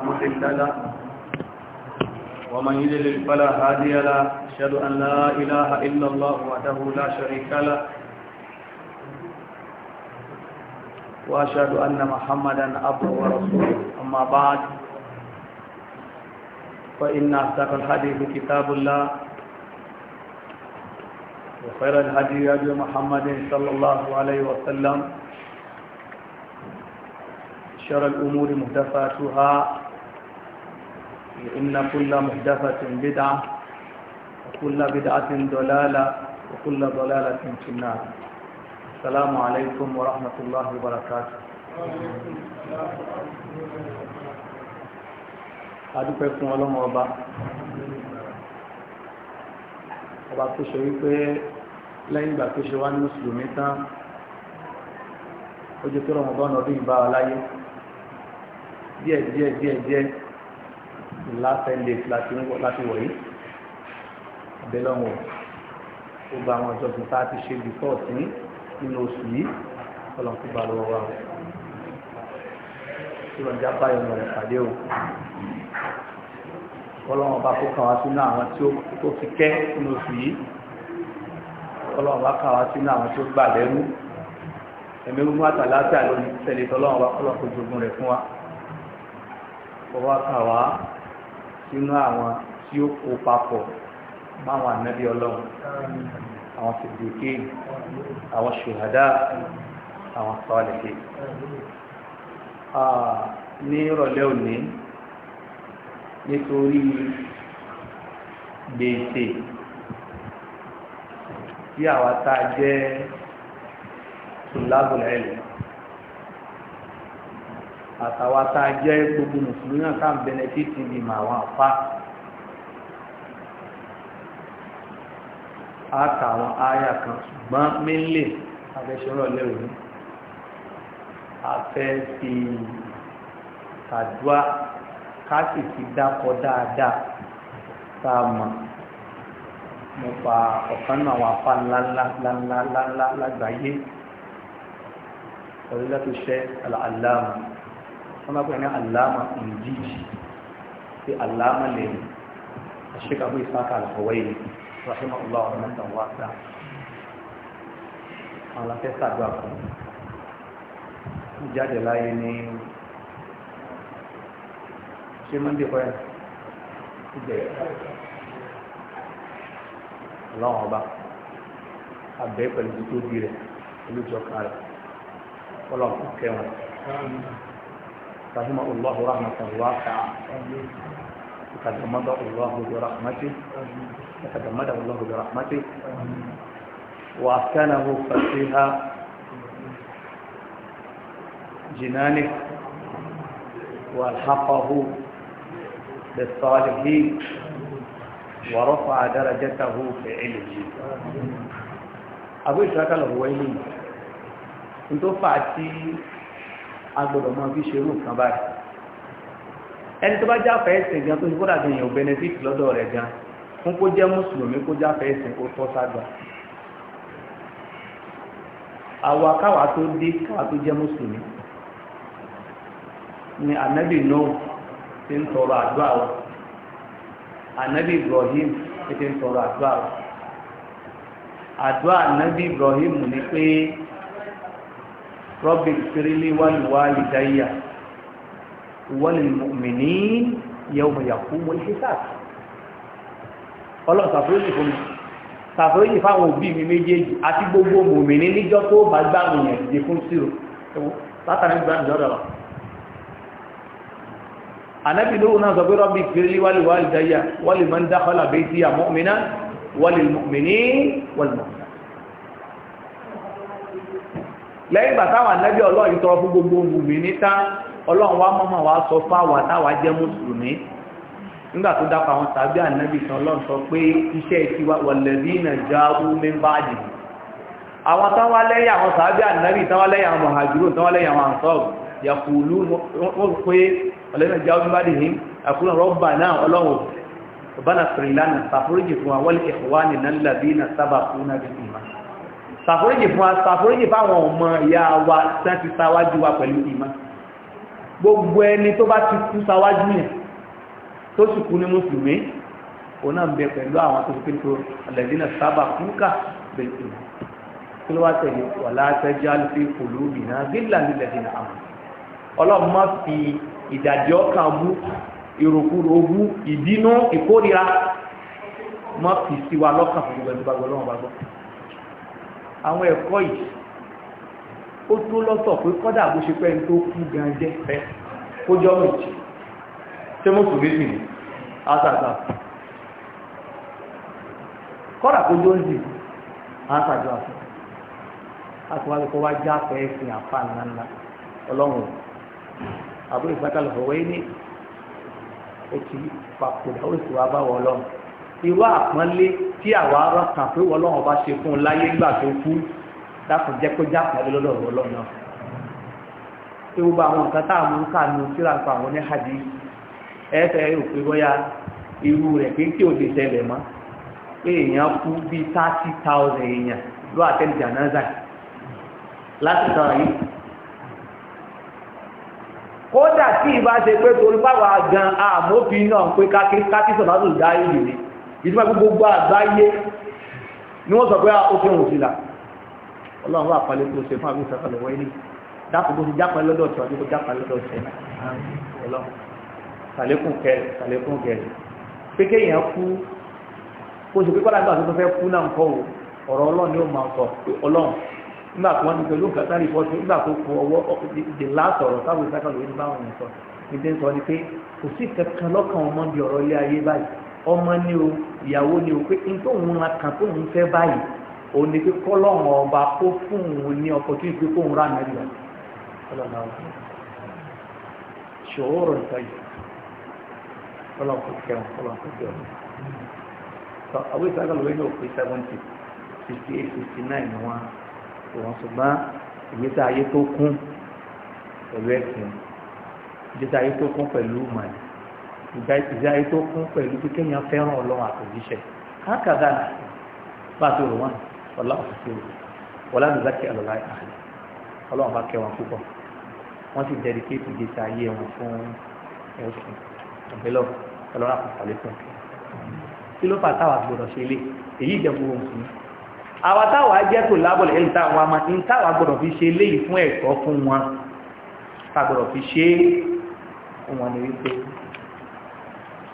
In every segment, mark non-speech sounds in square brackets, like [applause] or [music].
مضل لا ومن يدلل فلا هادي لا أشهد أن لا إله إلا الله وحده لا شريك له وأشهد أن محمدا عبده ورسوله أما بعد فإن أصدق الحديث كتاب الله وخير الهدي هدي محمد صلى الله عليه وسلم شر الأمور مهدفاتها إن كل محدثة بدعة وكل بدعة ضلالة وكل ضلالة في النار السلام عليكم ورحمة الله وبركاته adúpẹ́ fún ọlọ́mọ ọba ọba tó ṣe wípé lẹ́yìn ìgbà tó ṣe wá ní mùsùlùmí tán ó tó rọmọbọ́n ọdún ìbá láyé díẹ̀ díẹ̀ díẹ̀ díẹ̀ last ten days láti wọ̀ yìí abẹ́lọ́wọ̀ ó gba àwọn ìjọsìn tá a ti ṣe before sí nínú oṣù yìí ọlọ́run kó bá lọ́wọ́ wa o tí wọ́n já báyọ̀ ọmọ rẹ̀ pàdé o ọlọ́run ọba kó kàwá sínú àwọn tí ó fi kẹ́ nínú oṣù yìí ọlọ́run ọba kàwá sínú àwọn tí ó gbà lẹ́rú ẹ̀mí gbogbo àtàlásà lórí tẹ̀lé tọ́lọ́run ọba kọ́lọ́kọ́ jogún rẹ̀ fún wa ọwọ́ kàwá sínú àwọn tí ó kó papọ̀ máwọn ànábì ọlọ́run àwọn sèdèké àwọn ṣùhádà àwọn sọ́ọ̀lẹ̀kẹ́ ní ìrọ̀lẹ́ òní nítorí gbèsè tí àwa tá a jẹ́ tùlábùlẹ̀ ẹ̀lẹ́ àtàwọn tá a jẹ́ gbogbo mùsùlùmí náà tá à ń bẹnẹfìtì bí mà àwọn àfa àtàwọn àyà kan ṣùgbọ́n mílíọ̀n abẹ́ṣọ́rọ̀ lẹ́wọ̀n afẹ́ fi tàdúà ká sì fi dákọ̀ dáadáa tá a mọ̀ nípa ọ̀kan náà àwọn àfa ńláńláńláńláńlá wọ́n máa pè ní àlámà ìjìjì sí àlámà lẹ́yìn àṣíkà fún ìsáàkà àlàfọwọ́ yìí rahima allah ọmọ ìtàn wá sá àwọn aláfẹ́ sàdúrà fún jáde láyé ní ṣé mọ́ndé kọ́ ẹ̀ ìbẹ̀rẹ̀ ọlọ́run ọba abẹ́ pẹ̀lú tó bí rẹ̀ olùjọ́ka rẹ̀ ọlọ́run kẹwọn. رحمه الله رحمة واسعة تتجمده الله برحمته تتجمده الله برحمته وأسكنه فيها جنانه والحقه بالصالحين ورفع درجته في علمه أبو إسحاق الهويلي انتو فاتي agbọ́dọ̀ máa fi ṣe irú nǹkan báyìí ẹni tó bá jáfẹ́ ẹ̀sìn gan tó ṣe kó dàbí èèyàn benefit lọ́dọ̀ rẹ̀ gan fún kó jẹ́ mùsùlùmí kó jáfẹ́ ẹ̀sìn kó tọ́ ságbà àwa káwa tó dé káwa tó jẹ́ mùsùlùmí ni anabi Nuh ti ń tọrọ àdúrà wa anabi Ibrahim ti ń tọrọ àdúrà wa àdúrà anabi Ibrahim ni pé. رب اغفر لي ولوالدي وللمؤمنين يوم يقوم الحساب ọlọ́run ṣàforíjì fún mi ṣàforíjì fáwọn òbí mi méjèèjì àti gbogbo mòmìnì níjọ́ tó bá gbàmù yẹn dìde fún sírò látàrí gbàmù jọ́dọ̀ lọ ànábì lóhùn náà sọ pé rọ́bì lẹ́yìn bàtà wà nẹ́bí ọlọ́run tọrọ fún gbogbo mùmí níta ọlọ́run wá mọ́mọ́ wá sọ fún àwa táwa jẹ́ mùsùlùmí nígbà tó dápa àwọn tàbí ànẹ́bí kan ọlọ́run sọ pé iṣẹ́ ìtiwa walladhina ja'u min ba'di àwọn táwa lẹ́yìn àwọn tàbí ànẹ́bí táwa lẹ́yìn àwọn mọ̀hàjúrò táwa lẹ́yìn àwọn àǹsọ́ọ̀bù yàkùlù wọ́n pé ọlẹ́nà jẹ́ ọdún àwọn ìkọ̀wà ṣàforíjì fún wa ṣàforíjì fáwọn ọmọ ìyá wa tán ti sáwájú wa pẹ̀lú ìmá gbogbo ẹni tó bá ti kú sáwájú yẹn tó sì kú ní mùsùlùmí òun náà ń bẹ pẹ̀lú àwọn tó fi tó alẹ́dínà sábà fúnkà bẹ̀rẹ̀ kí ló wá tẹ̀lé wà fi ìdàjọ́ lọ́kàn fún gbogbo ẹni tó àwọn ẹ̀kọ́ yìí ó tó lọ́tọ̀ pé kọ́dà bó ṣe pẹ́ni tó kú gan jẹ́ fẹ́ kó jọ méjì tí mo tún méjì ní àtàtà kọ́dà kó jọ ń dì àtàjọ kó wá já pẹ́ ẹ̀sìn ńláńlá ìwà àpọ́nlé tí àwa rán kàn pé wọ́n lọ́wọ́ bá ṣe fún un láyé nígbà tó kú dákun jẹ́ kó jápọ̀lé lọ́dọ̀ ọ̀rọ̀ ọlọ́run náà tí ó bá àwọn nǹkan tá a mú ń kànú síra pa àwọn ní hadi ẹ̀ẹ́fẹ́ rò pé bóyá irú rẹ̀ pé kí ò lè ṣẹlẹ̀ mọ́ pé èèyàn kú bíi thirty thousand èèyàn ló àtẹ́lẹ̀ jànáza láti tàn yìí kódà tí ìbá ṣe pé torí báwa gan àmófin náà pé kákí sọ̀rọ̀ dá ìlú ni ìdíbà gbogbo àgbáyé ni wọ́n sọ pé ah, ó fi hùn sílá ọlọ́run wà pàlẹ́ tó ṣe fún àbí ìsàkọlẹ̀ wọ́n ní dákòókò ti jápa lọ́dọ̀ tí wọ́n ti kó jápa lọ́dọ̀ ṣe ọlọ́run sàlékún kẹrẹ sàlékún kẹrẹ pé kéèyàn kú kó ṣe pé kọ́lá nígbà tó fẹ́ kú náà ń kọ́ ọ̀rọ̀ ọlọ́run ni ó máa sọ ọlọ́run nígbà tó wọ́n ti pẹ̀lú nǹkan sáré ìfọ́sí nígbà tó kọ ọwọ́ the last ọ̀rọ̀ táwọn ìsàkọlẹ̀ wọ́n ní báwọn sọ ìdí sọ ni pé kò sí kankan lọ́kàn ọmọ bí ọ̀rọ̀ ilé ayé báyìí ọmọ ni o ìyàwó ni o pé n tó ń ra kan tó ń fẹ́ báyìí òun ni pé kọ́lọ́hún ọba kó fún òun ní opportunity pé kóun rà náà rírà ọlọ́nà ọ̀hún ṣòwòrò ìtọ́jú ọlọ́nkọ̀ kẹwọn ọlọ́nkọ̀ kẹwọn sọ àwọn ìsàkà lórí ní òpin seventy sixty eight sixty nine ni wọn kò wọn ìgbésẹ̀ ayé tó kún pẹ̀lú ẹ̀sìn ìgbésẹ̀ ayé tó kún pẹ̀lú màdì ìgbé ayé tó kún pẹ̀lú pé kéèyàn fẹ́ràn ọlọ́run àtòjíṣẹ́ káàkàdà bá a ti rò wọ́n ọlá òṣìṣẹ́ rò wọ́n láti zákè àlọ́lá àhàlẹ́ ọlọ́run bá kẹ́ wọn púpọ̀ wọ́n ti dẹ́dikéètì ìgbésí ayé wọn fún ẹ̀sìn ọ̀bẹ́lọ́ ọlọ́run àpàtàlẹ́ fún ọ̀kẹ́ kí ló fà táwa gbọdọ̀ ṣe lé èyí jẹ́ gbogbo nǹkan àwa kò lábọ̀lẹ̀ ẹ̀yìn táwa máa ń táwa gbọdọ̀ fi ṣe léyìí fún ẹ̀kọ́ fún wọn táwa ṣe fún wọn ní wípé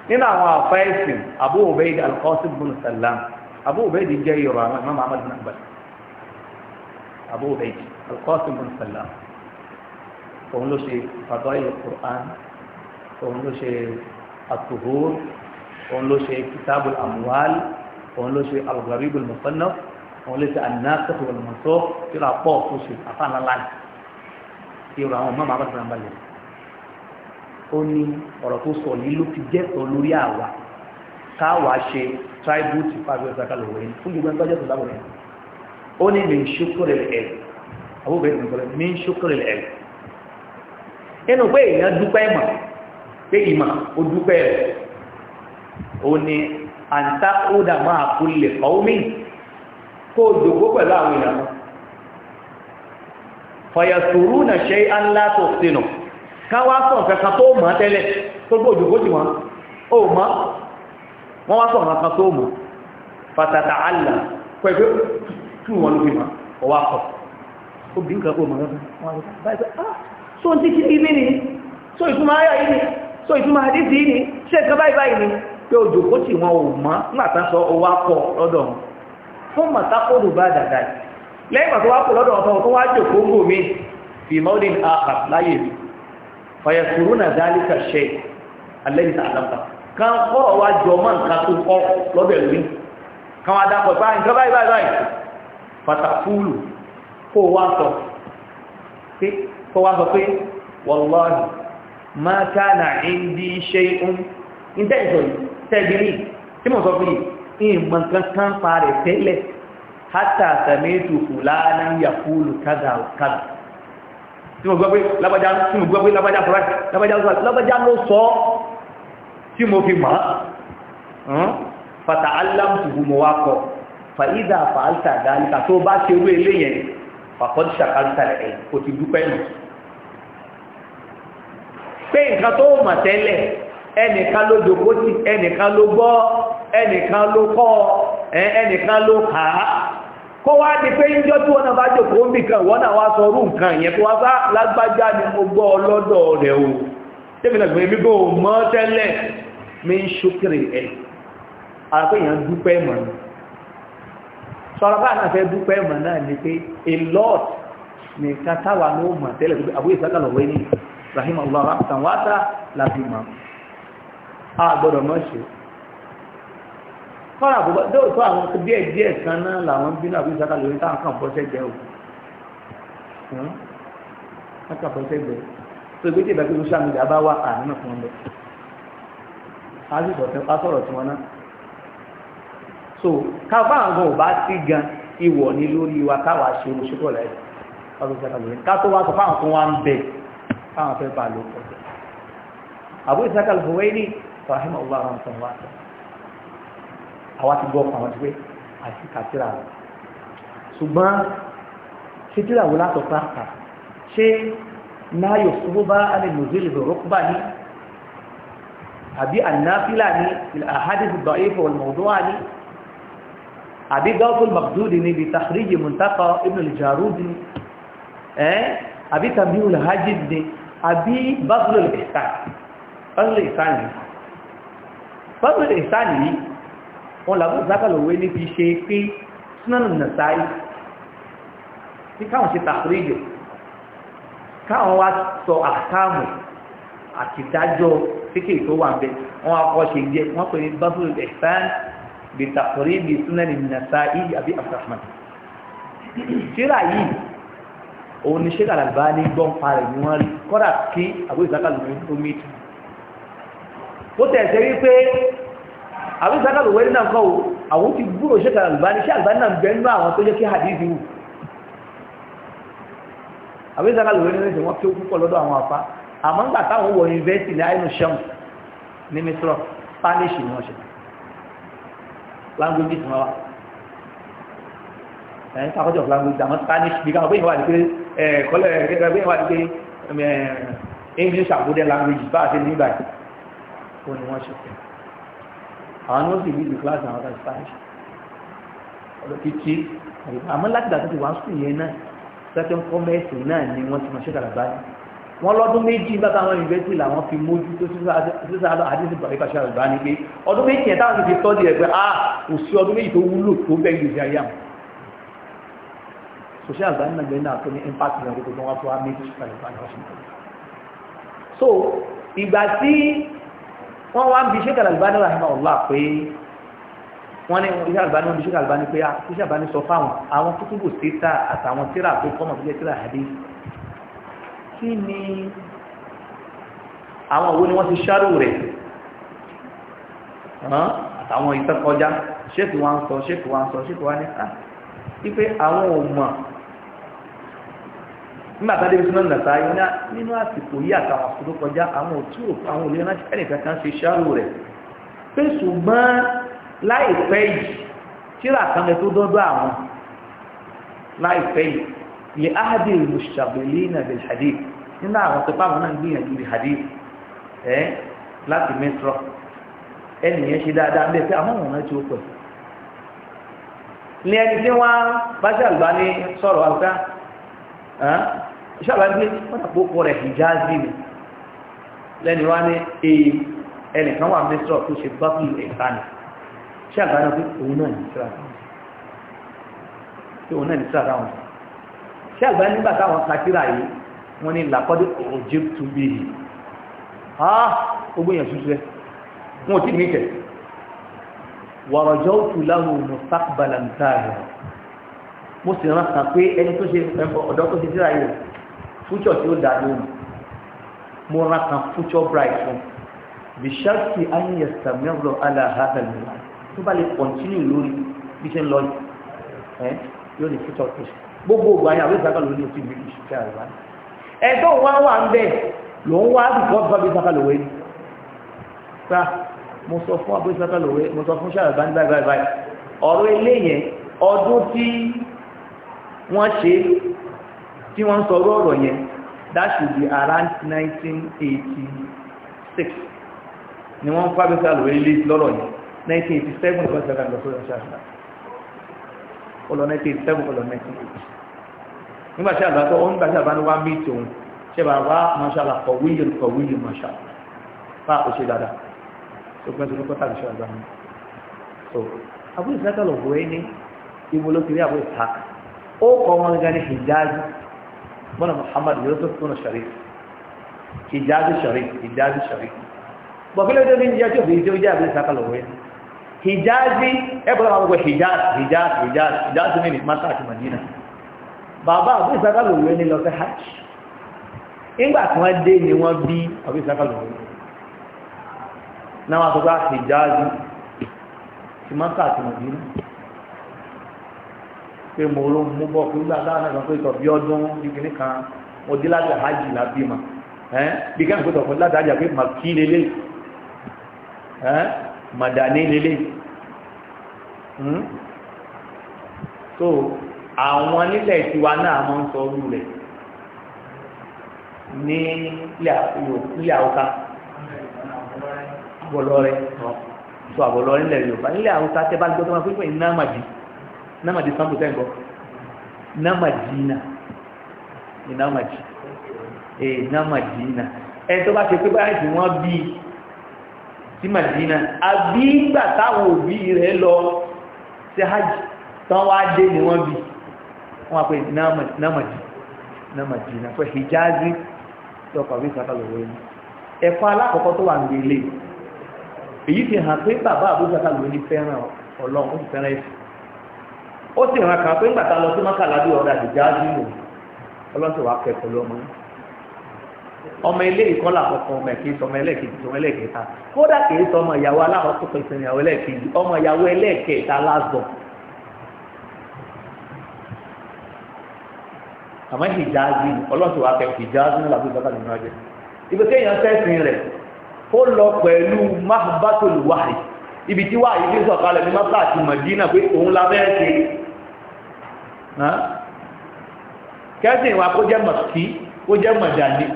nínú àwọn àfẹ́sì Abu Ubaid al-Qasim bin Sallam Abu Ubaid jẹ́ yorùbá Imam Ahmad bin Hanbal Abu Ubaid al-Qasim bin Sallam òun ló ṣe Fadail al-Qur'an òun ló ṣe at òun ló ṣe Kitabul Amwal òun ló ṣe al-Gharib òun ló ṣe an-Nasikh wal pọ̀ tó ṣe afáàlá láì tí ó rà bin Hanbal ó ní ọ̀rọ̀ tó sọ yìí ló fi jẹ́tọ̀ lórí àwa káwa ṣe tribute fáwọn ẹ̀sán kálọ̀ wẹ̀ fún gbogbo ẹgbẹ́ jẹ́tọ̀ láwọn ẹ̀ ó ní mi ń ṣókòrè ẹ̀ àbúrò bẹ́ẹ̀ mi ń ṣókòrè ẹ̀ nínú pé èèyàn dúpẹ́ ìmọ̀ pé ìmọ̀ ó dúpẹ́ rẹ̀ ó ní àǹtá ó dà máa kú lè kọ́ mí kó o dògbó pẹ̀lú àwọn èèyàn fọyàsùrù náà ṣe é tó sínú káwá sọ̀ kankan tó mọ̀ tẹ́lẹ̀ tó gbójú gbójú wọn ó mọ̀ wọ́n wá sọ̀ kankan tó mọ̀ fàtàtà àlà pẹ̀lú tí wọ́n ló fi mọ̀ ọwá kọ̀ obìnrin kan kó mọ̀ ah so ti kí ni so ìtumọ̀ ayọ̀ yìí ni so ìtumọ̀ àdísì yìí ni ṣé nǹkan báyìí báyìí ni pé òjò kó tì mọ̀ sọ ọwá kọ̀ lọ́dọ̀ fún bá dàda lẹ́yìn pàtó wá kọ̀ lọ́dọ̀ tó wá jòkó ń mí fàyẹ̀kùrúnà dálíkà ṣe alẹ́yìntà àlọ́pà kan kọ́rọ̀ wá jọ mọ́ nǹkan tó kọ́ lọ́dẹ̀ lórí kan wá dápọ̀ ah, báyìí nǹkan báyìí báyìí fàtàkùlù kó wá sọ pé wàláhì máa ká nà ìdí ṣe ń ìtẹ́ ìsọ̀ tẹ́gbìrì tí mo sọ fún yìí ìmọ̀ kankan parẹ̀ tẹ́lẹ̀ hátà sàmẹ́tù fùlánà yàkúlù kádà kádà tí mo gbọ́ pé lábájá tí mo gbọ́ pé lábájá sọ́rọ̀ lábájá sọ́rọ̀ lábájá ló sọ tí mo fi mọ̀ hmm? fata alamtubu mo wá kọ fa ìdá fàáltà dáníkà tó bá ṣe owó ilé yẹn fàkọ́dí ṣàkàlùtà rẹ̀ kò ti dúpẹ́ nù pé nǹkan tó mọ̀ tẹ́lẹ̀ ẹnìkan ló dòkó sí ẹnìkan ló gbọ́ ẹnìkan ló kọ́ ẹnìkan ló kàá kó wá di pé ń jọ tí wọ́n náà bá jòkó ń bì kan wọ́n náà wá sọ orú nǹkan yẹn kó wá sá lágbájá ni mo gbọ́ ọlọ́dọ̀ rẹ̀ o tẹ́bìnà gbé mi kò mọ́ tẹ́lẹ̀ mi ń ṣókèrè ẹ̀ àpéyàn dúpẹ́ mọ̀ ní sọ̀rọ̀ náà fẹ́ dúpẹ́ mọ̀ náà ni pé a lot ní kátàwà ló mọ̀ tẹ́lẹ̀ pé àbúyè rahim allah rahmatan wata láti mọ̀ kọ́ra bó dóòtọ́ àwọn díẹ̀ díẹ̀ kan náà làwọn bínú àbí ìsáká lórí táwọn kàn bọ́sẹ̀ jẹ́ o hmm? wọ́n kàn bọ́sẹ̀ jẹ́ tó gbé tí ìgbà tí social media bá wà àánú fún un lọ á sì sọ̀rọ̀ tí wọ́n náà so káfá àwọn ò sí gan ìwọ̀ ní lórí wa káwà ṣe oṣù pọ̀ láì ọdún ìsáká lórí ká tó wá sọ fáwọn kan wá ń bẹ̀ fáwọn fẹ́ bá lò pọ̀ àbúrò ìsáká lórí ní rahimahullah rahmatulahi àwa ti gbọ́ àwọn ti pé àti kàtírà rẹ̀ ṣùgbọ́n ṣé tíra wo látọ̀ pàtà ṣé náyọ̀ fúgbó bá alẹ́ nùzílì bẹ̀rọ̀ kúbà ní àbí ànáfílà ní àhádìsì da'if wal mawdu'a ní àbí gáúsùl mabdúdì ní bí tàkìríjì ibn al-jarudi àbí tàbíhùl hajjid ní àbí báṣùlù ìsáàlì wọn làbú ìsákàlòwé níbi ṣe pé súnánù nàṣáì tí káwọn ṣe tàkùrìjò káwọn wá sọ àkáàmù àti dájọ́ síkèrè tó wà bẹ wọn wá kọ́ ṣe jẹ wọn pè ní bábúrò ẹ̀sán bí tàkùrìjì súnánù nàṣáì àbí abdulrahman ṣíra yìí òun ni ṣíra làbá ní gbọ́n parẹ̀ ni wọ́n rí kọ́dà kí àbúrò ìsákàlòwé àbí sákàtò wẹ́rí náà kọ́ àwọn ti gbúrò ṣẹ́kà àlùbáni ṣe àlùbáni náà bẹ́ẹ̀ nínú àwọn tó jẹ́ kí hadith wù àbí sákàtò wẹ́rí náà wọ́n kí ó púpọ̀ lọ́dọ̀ àwọn àpá àmọ́ ń gbà táwọn wọ yunifásitì ní àìnú ṣẹ́m ni wọ́n ṣe language ti wọ́n wá ẹ̀yìn sàkọ́jọ́ language àmọ́ spanish bí káwọn bẹ́ẹ̀ wà ní pé kọ́lẹ̀ gẹ́gẹ́ bẹ́ẹ̀ wà ní pé english àbúdẹ́ language bá a ṣe ní ìbàdàn ó ní àwọn ni ó sì bíbi kíláàsì àwọn ọ̀tá spanish ọ̀dọ̀ títí àmọ́ láti dàtí ti wá sùn yẹn náà second commerce náà ni wọ́n ti mọ̀ ṣe kàrà báyìí wọ́n lọ́dún méjì bàbá àwọn university làwọn fi mójú tó sísá àdéhùn ìbàdí pàṣẹ àrùbá ní pé ọdún méjì yẹn táwọn ti fi tọ́jú rẹ̀ pé a ah, kò sí ọdún méjì tó wúlò tó bẹ́ẹ̀ gbèsè ayé àwọn social àgbà nínú náà tó ní impact ìrìn àgbègbè wọn fún wa méjì ṣùgbọ́n so ìgbà tí wọ́n wá ń bi Sheikh Al-Albani rahimahullah pé wọ́n ní Sheikh Al-Albani bi Sheikh Al-Albani pé ah, Sheikh Al-Albani sọ fáwọn àwọn kútùbù síta àtàwọn tíra tó kọ́mọ̀ tó jẹ́ tíra hadith kí ni àwọn òwú ni wọ́n ti ṣáró rẹ̀ àtàwọn ìtọ́kọjá Sheikh wa ń sọ Sheikh wa ń sọ Sheikh wa ní à ah, wípé àwọn ò nígbà tá a débi súná nàta iná nínú àsìkò yí àtàwọn àsìkò kọjá àwọn òtú àwọn òlé náà ẹnìkan kan ṣe ṣáàrò rẹ̀ pé ṣùgbọ́n láìpẹ́ yìí tíra kan lẹ tó dọ́dọ́ àwọn láìpẹ́ yìí lè áhàdì ìlúṣàbẹ̀lẹ́ ìnàbẹ̀ hadith nínú àwọn tó fáwọn náà gbìyànjú rí hadith ẹ láti mẹ́tọ́ ẹnìyẹn ṣe dáadáa ń bẹ pé àwọn òun náà ó pẹ̀ ní ẹni tí wọ́n bá ṣàlùbá ní sọ̀rọ̀ àgbà ìṣàlàyé wọ́n tàbí ókọ rẹ̀ hijazi ni lẹ́ni wá ní èyí ẹnìkan wà mẹ́sọ̀ tó ṣe bábùlù ẹ̀sánì ṣàgbára pé òun náà ní síra pé òun náà ní síra dáhùn ṣàgbára nígbà táwọn kakíra yìí wọ́n ní làkọ́dé òjé tó ha ogbó yẹn tuntun rẹ̀ wọn ò tí ní tẹ̀ wàrọ̀jọ́ òtù láwọn mustaqbalan nǹkan rẹ̀ mo sì rántà pé ẹni tó ṣe ọ̀dọ́ tó ṣe síra yìí fúchọ̀ tí ó dá lóhùn mo ra kan fúchọ̀ bright fún bishaki anyẹ samuel alahadalu tó bá lè continue lórí bí ṣe ń lọ ẹ yóò ní fúchọ̀ tó ṣe gbogbo ògbà yẹn àwọn ìsàkà lórí òfin bí ìṣẹ́ àríwá ẹ̀tọ́ wá wà ń bẹ̀ ló ń wá bìkọ́ bá bí ìsàkà lòwe pa mo sọ fún àbúrò ìsàkà lòwe mo sọ fún ṣàràbá ní báyìí báyìí ọ̀rọ̀ eléyẹn ọdún tí wọ́n ṣe tí wọ́n ń ọ̀rọ̀ yẹn that should be around 1986 ni wọ́n fábí sálò ilé lọ́rọ̀ yẹn 1987 ọ̀rọ̀ ìjọba ìlọ́sọ̀rọ̀ ṣáṣá ọlọ 1987 ọlọ 1988. nígbà tí àgbà tó ó nígbà tí àgbà ní wá mí tòun ṣe bá wá mọ́ṣálà kọ̀wéyè kọ̀wéyè mọ́ṣálà bá òṣè dáadáa so abúlé sákàlọ̀ wẹ́ẹ́ ní ìwọlókiri àbúlé sákà ó kọ́ wọn gani ní bọ́nà Muhammad Yusuf tún Sharif hijazi Sharif hijazi Sharif bọ̀kílẹ̀ tó ní jẹ́ tó fi tó jẹ́ àbí ìsákàlọ̀wọ́ yẹn hijazi ẹgbẹ̀rẹ̀ àwọn ọgbẹ̀ hijaz hijaz hijaz hijaz ní ní maka àti Madina bàbá àbí ìsákàlọ̀wọ́ ní lọ sí hajj ìgbà tí wọ́n dé ni wọ́n bí àbí ìsákàlọ̀wọ́ náà wọ́n sọ pé hijazi ti maka àti Madina pé mo ló mú bọ́ fún gbà dáhùn náà pé ìtọ̀ bí ọdún ìgbìnì kan mo dé láti àhájì lábí mà ẹ́n bí kẹ́hìn pé tọ̀fọ́ láti àhájì pé màkí lélẹ̀ ẹ́n màdàní lélẹ̀ hmm? so àwọn nílẹ̀ tiwa náà máa ń sọ ọdún rẹ̀ ní ilẹ̀ àwòká àbọ̀lọ́rẹ́ sọ àbọ̀lọ́rẹ́ nílẹ̀ Yorùbá nílẹ̀ àwòká tẹ́ bá gbọ́dọ̀ máa pín pín iná màdì na madina sambu zai go na madina ina maji eh na madina ẹ eh, tó bá ṣe pé báyìí tí wọ́n bí sí madina àbí ìgbà táwọn òbí rẹ̀ lọ sí hajj tán wá dé ni wọ́n bí wọ́n pè na madina na madina pé hijazi tó kọ̀wé ìsàkàlọ̀wọ́ ẹni ẹ̀kọ́ alákọ̀ọ́kọ́ tó wà ń gbélé èyí fi hàn pé bàbá àbúrò ìsàkàlọ̀wọ́ ní fẹ́ràn ọlọ́run ó sì fẹ́ràn ẹ̀sìn ó sì ràn kàn pé ńgbà tá a lọ sí mákàládé ọ̀rọ̀ àdìjá nínú ọlọ́sẹ̀ wàá kẹ́ pẹ̀lú ọmọ yìí ọmọ ilé ìkọ́ làkọ̀kọ̀ ọmọ ẹ̀kí sọmọ ẹlẹ́ẹ̀kejì sọmọ ẹlẹ́ẹ̀kẹta kódà kìí sọmọ ìyàwó alákọ̀ọ́kọ́ pèsè ìyàwó ẹlẹ́ẹ̀kejì ọmọ ìyàwó ẹlẹ́ẹ̀kẹta lásọ̀ àmọ́ hijazi ọlọ́sùn wa kẹ hijazi ní làbí bàbá nínú ọjọ́ ibi tí èèyàn sẹ́sìn rẹ̀ ó lọ pẹ̀lú mahbatul wahyi ibi tí wàhí fi sọ̀kalẹ̀ ní mọ́tà àti mọ̀dínà pé òun la fẹ́ kẹ́sìn wa kó jẹ́ mọ̀kí kó jẹ́ mọ̀dàlí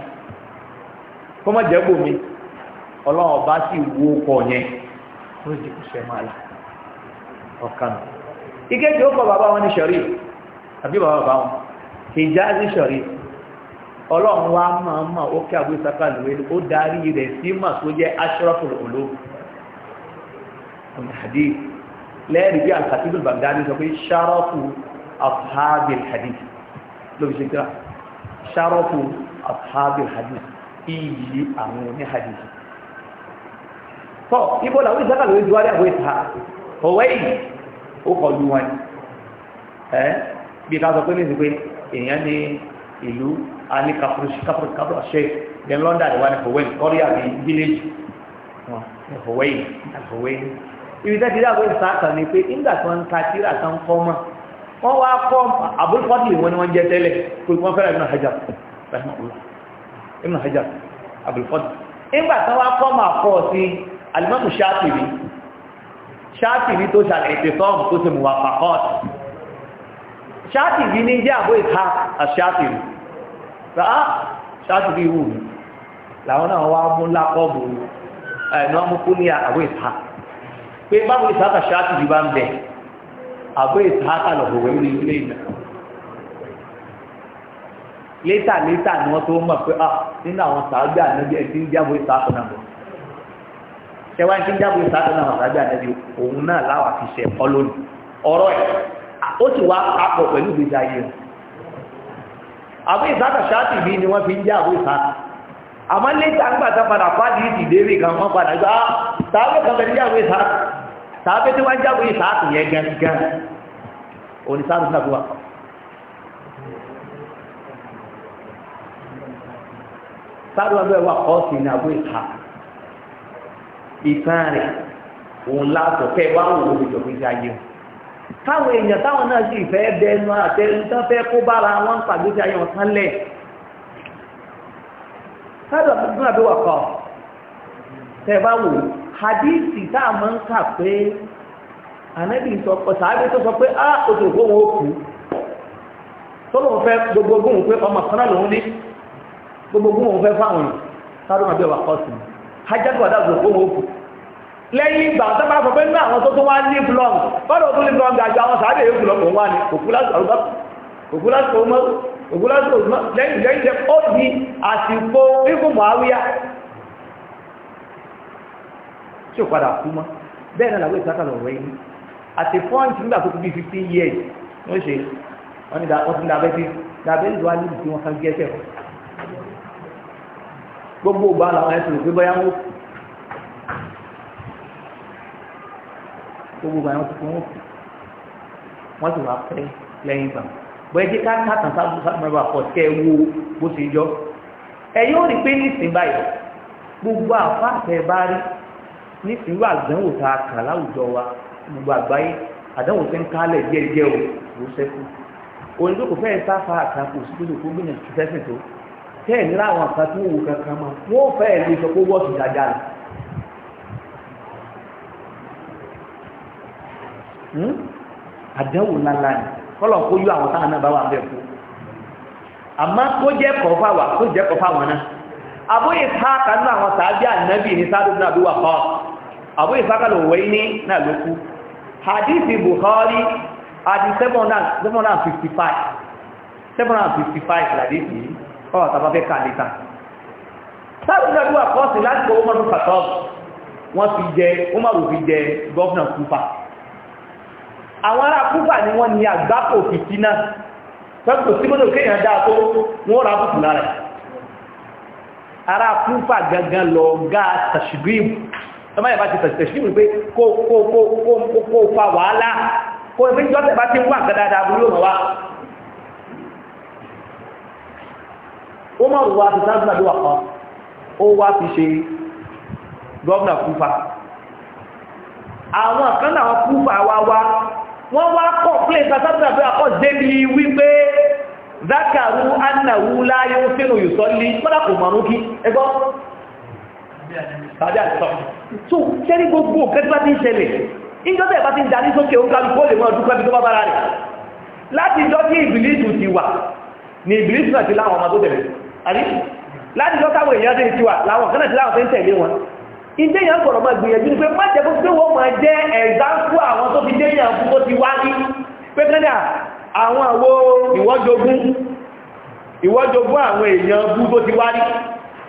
kó mọ̀ jẹ́ bòmí ọlọ́run ọba sì wo ọkọ̀ yẹn ló di kò sẹ́ máa la ọ̀kan. ìkejì ó kọ bàbá wọn ní sọ̀rí àbí bàbá bàbá wọn hijazi sọ̀rí ọlọ́run wa máa mọ̀ ó kí àbúrò sápá lóye ó darí rẹ̀ sí mọ̀ tó jẹ́ ashraful ulum ọ̀nà àdé lẹ́ẹ̀rí bí àtàkùn bàbá ní sọ pé sáràfù ashabil hadith lóbi ṣe kíra ṣárọ́fù ashabil hadith iyì àwọn oní إذا قالوا ibo làwọn ìṣẹ́kà lórí ju wáyà wẹ́ẹ̀ ta ọ̀wẹ́ yìí ó kọ̀ lu wọn ẹ́ bí ká sọ pé ní ìsìnkú èèyàn ní ìlú a ní kafur ṣe ní London àdìwá ní ọ̀wẹ́ kọ́rí àbí village ọ̀wẹ́ yìí ibi tẹ́tí dáàbò ìsáàkà ni pé nígbà tí wọ́n ń ka tíra kan kọ́ mọ́ wọ́n wá kọ́ àbúrúfọ́dìlì wọn ni wọ́n jẹ́ tẹ́lẹ̀ kò wọ́n fẹ́rẹ̀ ibùn hajjá ibùn hajjá àbúrúfọ́dìlì nígbà tán wá kọ́ máa kọ́ sí alimọ́mù ṣáàtìrí ṣáàtìrí tó ṣàlẹ̀tẹ̀ sọ́ọ̀mù tó ṣe mú wa pàkọ́ọ̀tì ṣáàtìrí ní jẹ́ àbó ìta àṣáàtìrí ráà ṣáàtìrí wù mí làwọn náà wá mú lákọ́ọ̀bù ẹ̀nà ọmọkú ní àbó ìta bá ń bẹ̀ẹ́ àbọ̀ ìsáàkà lọ̀bọ̀ wẹ́wú ní ilé ìlà létà létà ni wọ́n tó mọ̀ pé ah nínú àwọn sàájú ànábì tí ń jábọ̀ ìsáàkà náà bọ̀ ṣẹwàá tí ń jábọ̀ náà sàájú òun náà láwà fi ṣe ọ̀rọ̀ ẹ̀ ó sì wá papọ̀ pẹ̀lú àbọ̀ bí ni wọ́n fi ń àmọ́ ń gbà sàábé tí wọ́n jábọ̀ yìí sàátù yẹn gangan òní sàátù náà fi wà kọ́ sàátù náà fi wà kọ́ sí ní abúlé ká ìtàn rẹ̀ òun láàtọ̀ kẹ́ wá wò ó fi jọ̀gbìn sí ayé wọn káwọn èèyàn táwọn náà sì fẹ́ bẹnu àtẹnu tán fẹ́ kó bára wọn pàdé sí ayé ọ̀tán lẹ̀ sádọ̀ fún àbí kọ́ tẹ́ bá wò hadithi tá a máa ń kà pé ànábì sọ pé sàábì tó sọ pé á oṣù kó wọn ó kú tọ́lọ̀ ń fẹ́ gbogbo ogún òun pé ọmọ kanáà lòun ní gbogbo ogún òun fẹ́ fáwọn sáré màbí ọba kọ́ sí hajjáde wàdà oṣù kó wọn ó kú lẹ́yìn ìgbà tó bá sọ pé nínú àwọn tó tó wá ní blọọgù bọ́dọ̀ tó ní blọọgù àjọ àwọn sàábì yóò lọ òun wá ní òkú òmọ òkú òmọ lẹ́yìn lẹ́yìn tí ò padà kú mọ́ bẹ́ẹ̀ náà làwọn ìsáká lọ̀rọ̀ ẹni àti fọ́ǹtì nígbà tó kú bí fifteen years wọ́n ṣe wọ́n ti dàbẹ́tì dàbẹ́tì wà níbi tí wọ́n kan gẹ́sẹ̀ gbogbo ògbà làwọn ẹ̀sùn òfin bọ́yá wọn kú gbogbo àwọn tuntun wọn kú wọ́n sì wá pẹ́ lẹ́yìn ìgbà bọ́ẹ̀ jẹ́ ká kàtàn sábà pọ̀ kẹ́ wo bó ṣe jọ ẹ̀yìn ò rí pé ní ìsìn báyìí gbogbo àfáàfẹ́ bá rí ní irú àdánwò tá a kà láwùjọ wa gbogbo àgbáyé àdánwò tẹ́ ń kálẹ̀ díẹ̀díẹ̀ o ló tó kò fẹ́ sá fa àkàkù síbílò kó gbìyànjú fẹ́sìn tó tẹ́ ẹ̀ nílá àwọn tó òwò kankan mọ́ wọ́n fẹ́ lè sọ pé wọ́ọ̀sì dáadáa lọ. Hmm? àdánwò ńláńlá ni kọ́lọ̀ kó yọ àwọn táwọn náà bá wà ń bẹ̀ kú àmọ́ kó jẹ́ kó jẹ́ náà Abu Ishaq al-Huwaini náà ló kú hadithi Bukhari adi 755 755 ladithi ọwọ́ tàbábẹ́ kàlítà sáàrùdàdù àkọ́sì láti kọ Umaru Khattab wọ́n fi jẹ Umaru fi jẹ gọ́ọ̀nà Kúfà àwọn ará Kúfà ni wọ́n ni àgbákò fìtínà pẹ́kù sí mọ́tò kéèyàn dáa tó wọ́n rà bùkù lára ará Kúfà gangan lọ gáà tàṣìgbìm tọ́mọ́ yẹn bá ti fẹ̀sẹ̀ sí wípé kó kó kó kó kó fa wàhálà kó ebi jọ́ tẹ̀ bá ti ń wà nǹkan dáadáa burú òun wa. ó mọ̀ wá ti sáà dúnàdú wà kan ó wá fi ṣe gọ́ọ̀nà kúfà àwọn kan náà kúfà wá wá wọ́n wá kọ̀pléǹ sáà dúnàdú àkọ́ débi wípé zakaru annahu la yóò sínú yòsọ́lí kọ́dà kò mọ̀rún kí ẹgbọ́n tàbí àtìsọ́ tó kẹ́rí gbogbo kẹ́tíwá ti ń ṣẹlẹ̀ ìjọsẹ̀ bá ti ń darí sókè ó kálù kó lè mọ́ ọdún pẹ́bí tó bá bára rẹ̀ láti jọ tí ìbìlísù ti wà ní ìbìlísù náà ti láwọn ọmọ tó tẹ̀lé àrí láti jọ táwọn èèyàn ti ti wà láwọn kan náà ti láwọn tó ń tẹ̀lé wọn ìdé yẹn gbọ́dọ̀ máa gbìyànjú pé má jẹ́ pé wọ́n máa jẹ́ ẹ̀záńkú àwọn tó fi dé yẹn fún tó ti wá ní pé kán àwọn àwo ìwọ́jogún àwọn èèyàn bú tó ti wá ní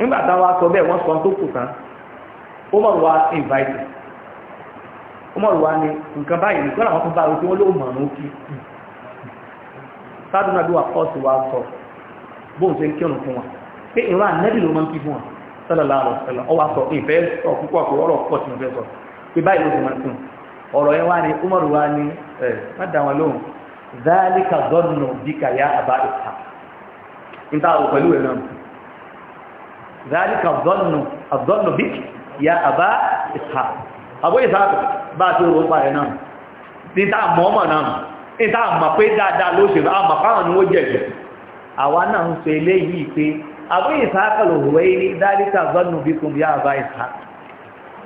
nígbà táwọn sọ bẹ́ẹ̀ wọ́n sọ tó kù tán Umar wa invite ni nǹkan báyìí nìkan àwọn tó bá rò wọ́n ló mọ̀ ní òkè sáàdùn náà bí wà kọ́ọ̀sì sọ bóun ṣe ń fún wọn pé ìran ló máa ń kí fún wọn sọ ìfẹ́ sọ púpọ̀ pọ̀ pé báyìí ló ti máa ذلك الظن الظن بك يا أبا إسحاق أبو إسحاق باتو ربا نام نتا موما نام نتا ما بي دادا لو سي ما كان نو جيجي àwa náà ń sọ eléyìí pé Abu Ishaq al-Huwaini dhalika dhannu bikum ya Aba Ishaq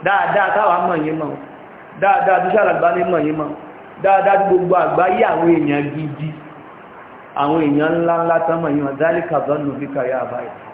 dáadáa táwa mọ̀ yín mọ̀ dáadáa tó ṣàlàgbá ní mọ̀ yín mọ̀ dáadáa tó gbogbo àgbáyé àwọn èèyàn gidi àwọn èèyàn ńláńlá tán mọ̀ yín mọ̀ dhalika dhannu bika ya Aba Ishaq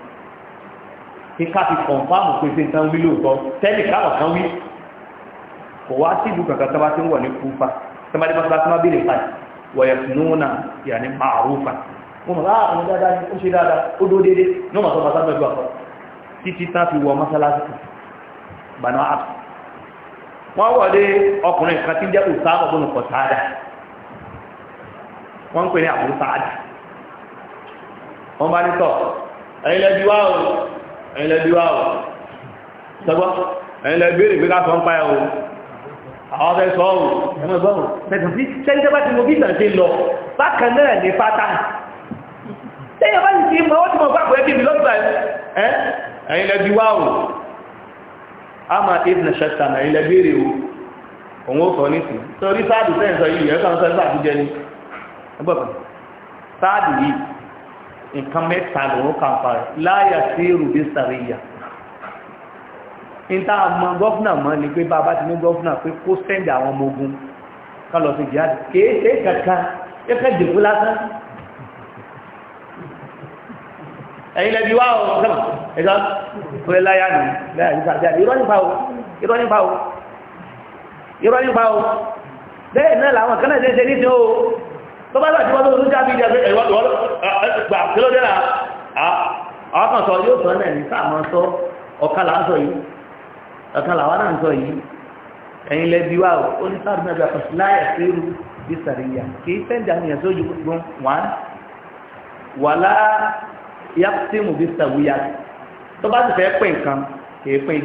kí ká fi kọ̀nfàmù pé ṣe nǹkan wí lóòótọ́ tẹ́lì káwọn kan wí kò wá sí ìlú kankan tọ́ba tí ń wọ̀ ní kúfà tọ́mọdé bá tọ́ba béèrè pa wọ̀yẹ̀ fúnúnà yà ní màrúfà wọn mọ̀ láàrín ah, ọmọ dáadáa ó ṣe dáadáa ó dó déédé ní ọmọ tọ́ba sábẹ̀ gbà kọ́ títí tán fi wọ mọ́sálásì gbaná àpò wọ́n wọ̀ dé ọkùnrin kan tí ń jẹ́ òsà ọ̀gbọ́n kọ̀ sáadà wọ́n ń pè ní àbúrò sáadà wọ́n bá ní tọ̀ ẹ̀yin lẹ́bi wá o ẹ̀lẹ́bí wà ọ̀ sọ́gbọ́ ẹ̀lẹ́bí rẹ̀ gbígbà sọ ń pa ẹ̀wọ̀ àwọn ọ̀fẹ́ sọ ọ̀rùn ẹ̀mọ̀ ìbọ̀rùn tẹ̀sí tẹ́jẹ́ bá ti mọ̀ bí ìtàn ṣe lọ bákan náà ní fátá tẹ́yẹ̀ bá ti ti mọ̀ ọdún ọgbà pẹ̀lú ẹbí mi lọ́gbà ẹ̀ ẹ̀yìn lẹ́bí wà ọ̀ a máa ibn shastan ẹ̀yìn lẹ́bí rẹ̀ o òun ó sọ nísìn sáàdù tẹ́yìn yìí ẹ̀kọ́ sọ ẹgbà àbújẹ ni sáàdù yìí nǹkan mẹ́ta lòun kàn fa rẹ̀ láyà sí rubí sàríyà níta mọ gọ́fúnà mọ́ ni pé bàbá ti ní gọ́fúnà pé kó sẹ́ndì àwọn ọmọ ogun ká lọ sí jihad kéèké kankan ẹ̀kẹ́ jìkú lásán ẹ̀yin lẹ́bi wá ọ̀ ọ̀sán ẹ̀dọ́ pé láyà nù láyà nípa jihad irọ́ tó bá bàtí wọ́n tó tó jábí ìdí ẹgbẹ́ ìwọ́n gbà kí ló dé là àwọn kan sọ yóò sọ náà ní sáà máa sọ ọ̀kan là ń sọ yìí ọ̀kan làwọn náà ń sọ yìí ẹ̀yin lẹ́bi wá o ó ní sáàdùn náà bí wọ́n láyà sí irú bí sàríyà kì í sẹ́ńdà ní ẹ̀sọ́ ojú gbọ́n wọ́n wà lá yàtìmù bí sàwúyà tó bá ti fẹ́ pè nǹkan kì í pè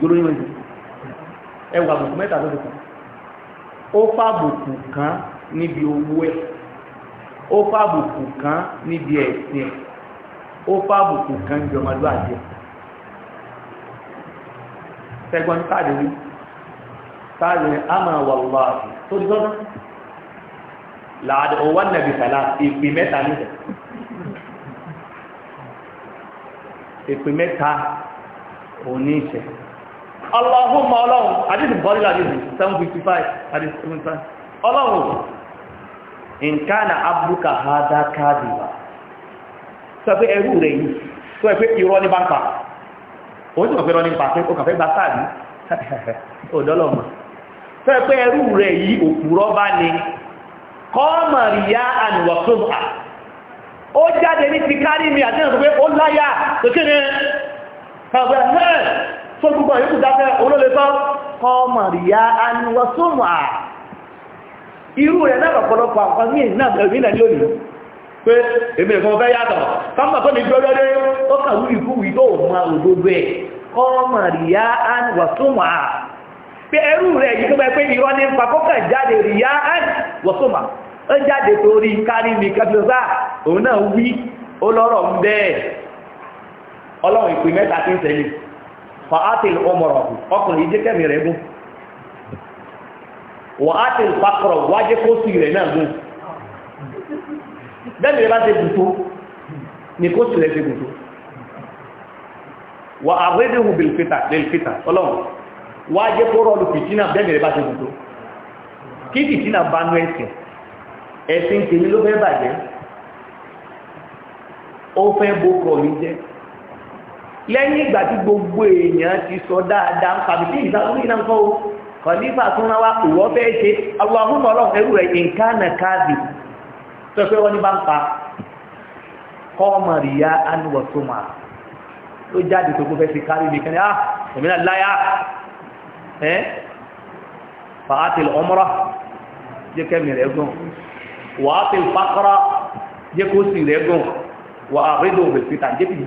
wà lá ẹwà àbùkù mẹ́ta lórí kan ó fàbùkù kan níbi owó ẹ̀ ó fàbùkù kan níbi ẹ̀sìn ẹ̀ ó fàbùkù kan níbi ọmọlúwàbí ẹ̀ tẹ́gbọ́n káàdì rí káàdì rí àmà wàlúwàbí tó di sọ́nà láàdọ̀ wà nàbì sàlá ìpè mẹ́ta níbẹ̀ ìpè mẹ́ta òní ìṣẹ̀lẹ̀ Allahumma ọlọ́run àdíṣì bọ́lí àdíṣì 755 àdíṣì 75 ọlọ́run nǹkan abúkà hádá káàdìwà sọ pé ẹrú sọ pé irọ́ ní bá ń pa òun tí wọ́n fẹ́ rọ́ ní pa pé [laughs] ó kàfẹ́ gba sáàdì òdọ́lọ́mà sọ eru ẹrú yi yìí òpùrọ́ ni ní kọ́mọ̀ ríyá ànìwọ̀túnmà ó jáde ní ti kárí mi tó gbogbo àyíkù dáfẹ́ olóletọ́ kọmọ̀ ríyá aníwọ̀sọ́mù à irú rẹ̀ náà pọ̀lọpọ̀ àwọn ní ìrìnà lónìí pé èmi ẹ̀kọ́ fẹ́ yàtọ̀ sọ́mọ̀ tó ní jọ́lọ́dé ó kàwú ìkú wì tó ma òdòdó ẹ̀ kọmọ̀ ríyá aníwọ̀sọ́mù à pé ẹrú rẹ̀ yìí tó bẹ́ pé irọ́ ní pàkókà jáde ríyá aníwọ̀sọ́mù ó jáde torí kárí mi kábíọ́sá òun náà wí ó lọ́rọ̀ ń bẹ́ẹ̀ ọlọ́run ìpín mẹ́ta tí ń tẹ̀lé fa'atil umrahu ọkùnrin yìí jẹ́ kẹ́mi rẹ̀ gùn wà á ti pàkọrọ wájẹ́ kó sì rẹ̀ náà gùn bẹ́ẹ̀ni rẹ̀ bá ti gùn tó ni kó sì rẹ̀ ti gùn tó wà àbúrédéhùn bìlfìtà ọlọ́run wájẹ́ kó rọlù fìtínà bẹ́ẹ̀ni rẹ̀ lẹ́yìn ìgbà tí gbogbo èèyàn ti sọ dáadáa ń pàbí tí ìsàkúrú iná ń kọ́ o kọ̀lífà tó ń wá òwò fẹ́ ṣe aláhùnmọ̀ ọlọ́run ẹrù rẹ̀ ìǹkánà káàdì tó pé wọ́n ní bá ń pa kọ́ọ̀mọ̀ ríyá anúwọ̀ tó máa ló jáde tó fẹ́ fi kárí nìkan ní àmìnà ah, láyá ẹ́ rẹ̀ gùn wà àrídò òbèsìtà jẹ́ kìí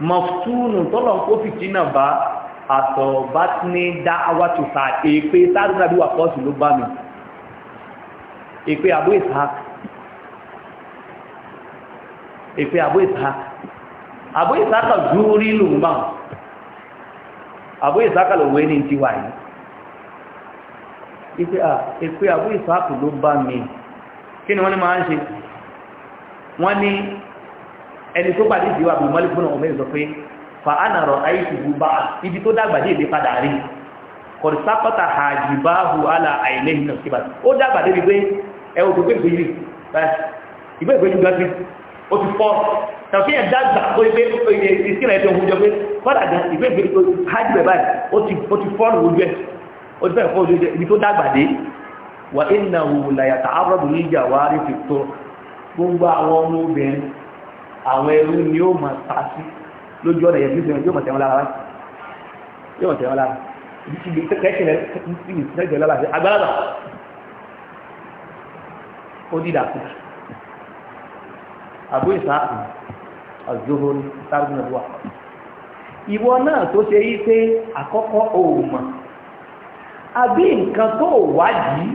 mọ̀túnù tọ́lọ̀ kó fìtínà bá àtọ̀ bá ti ní dá awátò sa èpè sáré nàbí wà pọ́ọ̀sì ló bá mi èpè àbó ìsáàkì èpè àbó ìsáàkì àbó ìsáàkì dúrí lòun bá wọn àbó ìsáàkì lòun wé ní ti wà yìí ìpè àbó ìsáàkì ló bá mi kí ni wọ́n ní máa ń ṣe wọ́n ní ẹni tó pàdé ìdíwà bí mọ́lẹ̀ fún ọmọ ìsọ pé fa ánàrọ̀ àìsìgbù bá ibi tó dàgbàdé èdè padà rí kọ̀rìsápọ̀tà àjìbáhù alà àìlẹ́yìn náà síbà ó dàgbàdé rí pé ẹwọ tó gbé ìgbéyìí ìgbé ìgbéyìí gbá sí ó ti fọ́ tàbí ẹ̀ dàgbà ó gbé ìsìn rẹ̀ tó ń jọ pé kọ́dà gan ìgbé ìgbéyìí àwọn ẹrú ni ó mọ̀ pàṣí lójú ọ̀nà yẹn tí ó mọ̀ tẹ̀wọ́n lára yóò mọ̀ tẹ̀wọ́n lára ibi tí ibi kẹ́kẹ́ rẹ̀ ti ní ìtẹ́jọ́ lára sí agbára ó dìdà kù àbú ìsáàkù àjòhó ní sáàbù náà wà ìwọ náà tó ṣe yí pé àkọ́kọ́ òòmà àbí nǹkan tó wádìí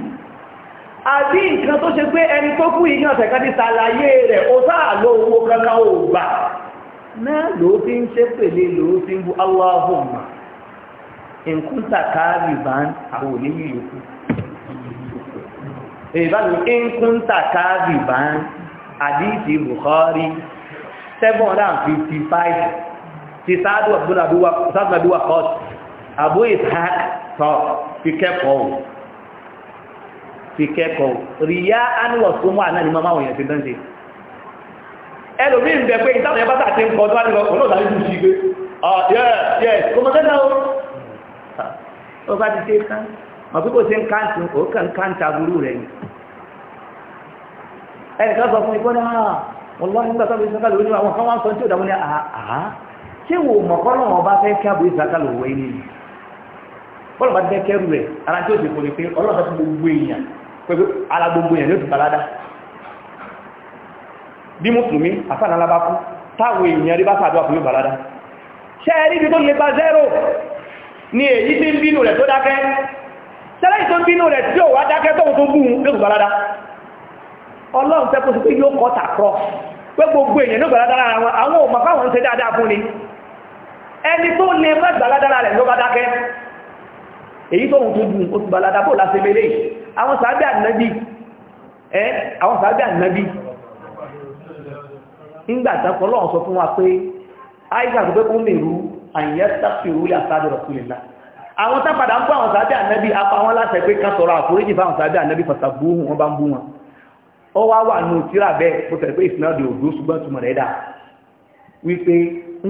àbí nǹkan tó ṣe pé ẹni tó kú yìí ọ̀sẹ̀ kan ti ṣàlàyé rẹ̀ ó sáà ló owó kankan ò gbà náà ló fi ń ṣe pèlè ló fi ń bu Allahumma nkúta káàbì bá ń àwọn oníyì yòókù ìbánu nkúta káàbì bá ń àdíìsì Bukhari 755 ti sáàdù àbúrò àbúwà kọ́ọ̀tù àbúrò ìsáàkì tọ́ fi kẹ́kọ̀ọ́ fi kẹ́kọ̀ọ́ ríyá ánúwọ̀ tó mọ́ àná ni máa wọ̀nyẹ̀ ti dánjẹ́ ẹlòmí ń bẹ pé ìtàwọn ẹbá tàbí ń kọjọ́ àríwọ̀ kò náà ah, yes kò mọ́ tẹ́lá ó bá ti ṣe kán mọ̀ pípò ṣe ń káńtì ó kàn káńtì aburú rẹ̀ ni ẹnìkan sọ fún mi kọ́nà wọn lọ́wọ́ nígbà tọ́bí ìsàkà lórí àwọn kan wọ́n sọ tí ó dàbọ̀ ní àá ah, ah, ṣé wò mọ̀kọ́ náà ọba fẹ́ kí àbò ìsàkà lò wẹ́ ní bọ́lá bá ti fẹ́ kẹ́rù pẹ̀lú ara gbogbo èèyàn yóò ti balada bí mùsùlùmí àfàànàlá bá kú táwọn èèyàn rí bá sàdọ́ àfúnmí balada ṣe rí ibi tó nípa zero ni èyí tí ń bínú rẹ̀ tó dákẹ́ tẹ́lẹ̀ tó ń bínú rẹ̀ tí ó wá dákẹ́ tó tó balada ọlọ́run tẹ́kọ́ sí pé yóò kọ́ tàkọ́ pé gbogbo èèyàn ló balada lára wọn àwọn ò màfáwọn ń ṣe dáadáa fún ni ẹni tó lè mẹ́ balada rẹ̀ ló bá dákẹ́ èyí ó balada bó láti mẹ́lẹ́ yìí àwọn sàábí ànábì ẹ́ àwọn sàábí ànábì ńgbàtà kọlọ́ sọ fún wa pé àìsàn tó pé kún mèrú àyẹ́ sàfihù lè àsáàdì rọ̀kúlélá àwọn tápadà ń bú àwọn sàábí ànábì apá wọn láti pé ká sọ̀rọ̀ àforíjì fáwọn sàábí ànábì fàtàbú wọn bá ń bú wọn ó wá wà ní òtíra bẹ́ẹ̀ bó tẹ̀lé pé ìsinádìí òdó ṣùgbọ́n túmọ̀ rẹ̀ dà wípé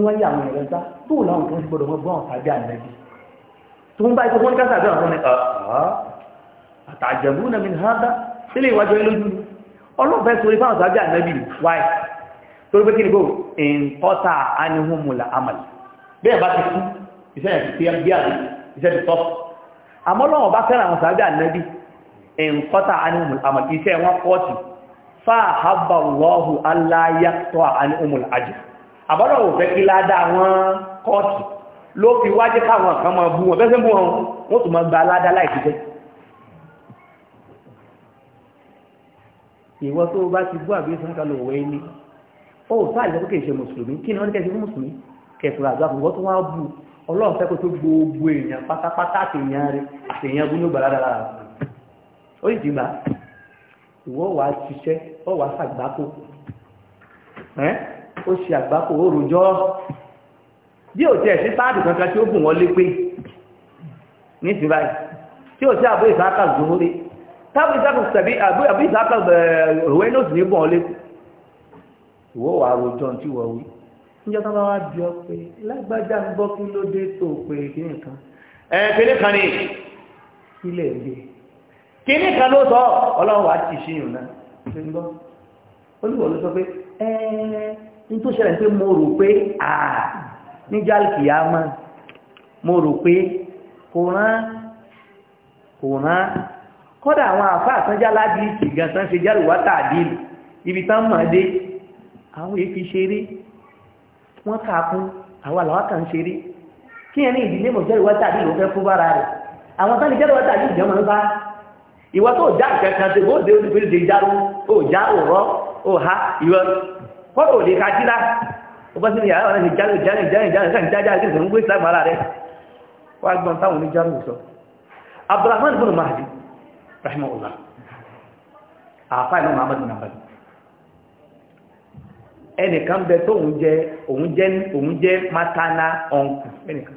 wọ́n yà àwọn tó ń bá ìfowópamọ́ ká sàábí àwọn ọ̀hún àtàjẹ̀búnà mi hádá sílé ìwájọ́ ilójú ọlọ́fẹ́ sórí fáwọn sábẹ́ ànábì wáì torí pé kí ni bó ǹkọ́ta anihumula amal bẹ́ẹ̀ bá ti kú iṣẹ́ yẹn ti fi bí àrí iṣẹ́ ti tọ́pù àmọ́ lọ́wọ́ bá amal iṣẹ́ wọn pọ́ọ̀tì fáàhábàlọ́hù aláyàtọ̀ anihumula ajé àbọ́lọ̀ ò fẹ́ kí ládàá wọn kọ́ọ̀tì ló fi wájé káwọn kan máa bú wọn bẹ́sẹ̀ bú wọn wọ́n tún máa gba aládàá láì ìwọ tó bá ti gbọ́ àbí fún kálọ̀ òwe ní ó fà ìjọba kìí ṣe mùsùlùmí kí ni wọ́n ní kẹ́sì fún mùsùlùmí kẹfìrà àgbà fún wọ́n tó wá bù ọlọ́run fẹ́ kó tó gbogbo èèyàn pátápátá àtèèyàn rẹ àtèèyàn bú ní gbàlá dára ó sì dìgbà ìwọ wà á ṣiṣẹ́ ọ wà á ṣàgbákò ẹ́ ó ṣe àgbákò ó rojọ́ bí ò tiẹ̀ sí sáàdì kankan tí ó bù wọ́n lé pé ní ìsìn báyìí tí ò sí àbó ìsáàkà zòórè tábù ìsáàkù sẹ̀bí àbí ìsáàkù òwe ní òsì ní bọ̀ ọ́lé ìwọ wàá rojọ́ tí wọ́n wí níjọ́ tó bá wá bí ọ pé lágbájá ń gbọ́ kí ló dé tó pé kíní kan ẹ kíní kan ni kílẹ̀ ń kíní kan ló sọ ọlọ́run wàá tì síyùn náà ṣe ń gbọ́ ó ló sọ pé ẹ ní tó ṣẹlẹ̀ pé mo rò pé à níjà kìá mo rò pé kò rán kò rán kọ́dà àwọn àfá àtánjálá di ìsìgàn tán ṣe jálùwá tààdìlù ibi tán mọ̀ dé àwọn èéfi ṣeré wọ́n kàkún àwọn àlàwákà ń ṣeré kí ẹni ìdílé mọ̀ jálùwá tààdìlù fẹ́ fún bára rẹ̀ àwọn tán ni jálùwá tààdìlù jẹ́ máa ń bá ha ìwọ kọ́dà òde kájílá ó bá sínú yàrá wọn ni jálù jálù jálù jálù sáà ń jájá àti ìṣòro ń gbé ìsìlámù ara rẹ̀ Abdulrahman bin Mahdi rahimahullah àáfàá ìmọ̀ muhammadu nàbàl ẹnìkan bẹ tó òun jẹ òun jẹ òun jẹ matana ọ̀nkù ẹnìkan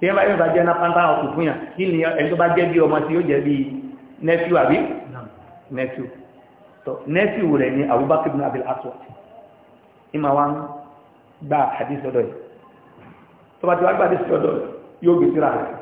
tí ẹ bá yóò bá jẹ́ ná pátá ọkù fún yàn kí ni ẹni tó bá jẹ́ bí ọmọ tí yóò jẹ́ bí nephew àbí nephew tó nephew rẹ̀ ni Abubakar ibn Abil Aswad ìmọ̀ wa ń gba àdìsọ́dọ̀ yìí tó bá ti wá gba àdìsọ́dọ̀ yóò gbèsè rà rẹ̀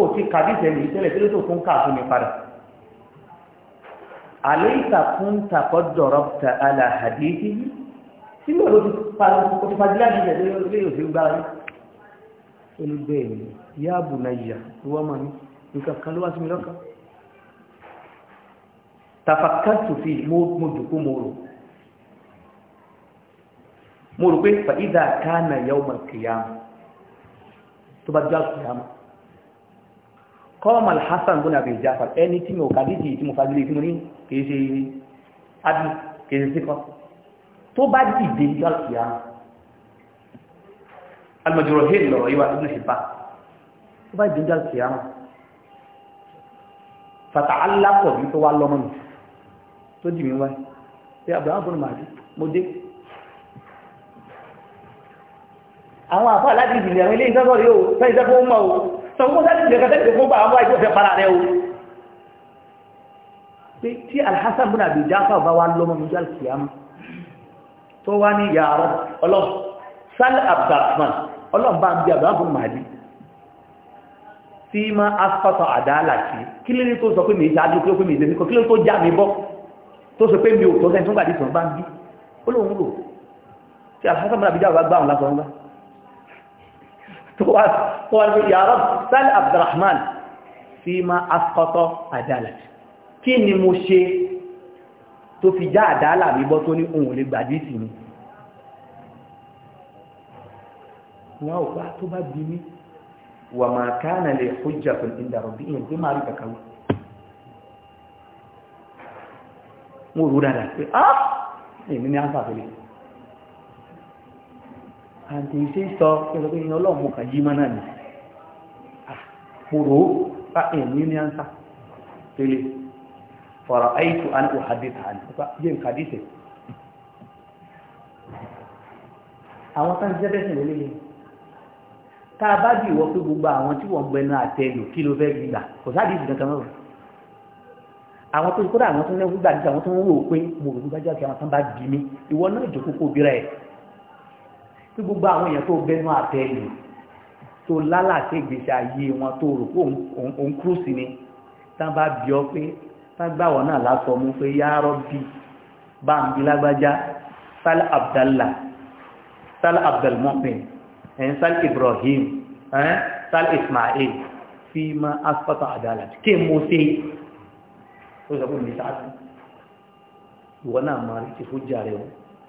ó ti kàdíṣẹ́ ní ìtẹ́lẹ̀ tí ló tó fún káàkùn mi padà àléìta fún takọ́dọ̀rọ̀ ta aláhàdé tí yí tí mọ̀ ló ti fagilá ní ìṣẹ̀lẹ̀ lórí òfin gbára ní olùgbẹ̀ẹ̀ni yá bù náà yà wọ́n mọ̀ ní nǹkan kan ló wá sí mi lọ́kàn tafakkartu fi mo jòkó mo rò mo rò pé fa'ida kana yawmal qiyamah tó bá jẹ́ àkùyàmù kọ́ọ̀mà hassan bún àbí ìjáfà ẹni tí mo kàdíjì tí mo fagilé tí mo ní kìí ṣe adì kìí ṣe kọ́ tó bá dìde yọ àkìyà alìmọ̀jọ̀rọ̀ hìl lọ ìwà tó ṣe bá tó bá dìde yọ àkìyà fàtà alákọ̀ bí sọ̀rọ̀ sáré ìgbẹ́ kẹsẹ́ ìgbẹ́ fún bá àwọn àìsàn fẹ́ para rẹ o pé tí alhassan bin abi jafa bá wà lọ́mọ mi jàl kìyàmù tó wá ní yàrá ọlọ́m sal abdulrahman ọlọ́m bá ń bí abdulrahman bin mahdi tí ma asfata àdáàlà kí kí lè tó sọ pé mi ìjà àdúgbò pé mi ìdè mi kọ kí lè tó já mi bọ́ tó sọ pé mi ò tó sẹ́ni tó gbàdí sọ̀rọ̀ bá ń bí ó lóun lò tí alhassan bin abi jafa bá gbà wọn lásán gbà يا رب سل عبد الرحمن فيما أسقط أدالك كن موشي توفي جاء أدالة ببطني أولي بديتني واو باتو بديني وما كان لحجة عند ربي إن إيه، ذي ماري بكاوي مو رودا آه إيه مني أنفع فيلي àti ìṣe sọ pẹ̀lú pé ìyẹn ọlọ́run mo kà yí mọ́nà ni àpòrò bá ẹ̀mí ní àǹsà tẹ́lẹ̀ fọ̀rọ̀ àìtù àni òhàdìtà àni ọ̀pá jẹ́ nǹkan àdìsẹ̀ àwọn tán jẹ́ bẹ́sẹ̀ lélẹ́yìn tá a bá bí ìwọ pé gbogbo àwọn tí wọ́n gbẹnu àtẹlù kí ló fẹ́ gbígbà kò sáàdì ìsìn kankan mọ́rọ̀ àwọn tó kódà àwọn tó ń lẹ́wọ́ gbàdúrà àwọn tó ń wò pé mo rò bá kí àwọn tán bá bí ìwọ náà jòkó kó bíra ẹ̀ tí gbogbo àwọn èèyàn tó bẹnu àtẹ́lù tó lálàtẹ́ ìgbésí ayé wọn tó rò pé òun kúrò sí ni tá bá bí ọ pé tá gbàwọ̀ náà lásọ mú pé yàrá bí bá ń bí lágbájá sal abdallah sal abdulmumin ẹ̀yìn sal ibrahim ẹ̀yìn sal ismail fi ma asfata adala kí mo ṣe ó sọ pé mi sáà ìwọ náà máa rí ti fún jàre wọn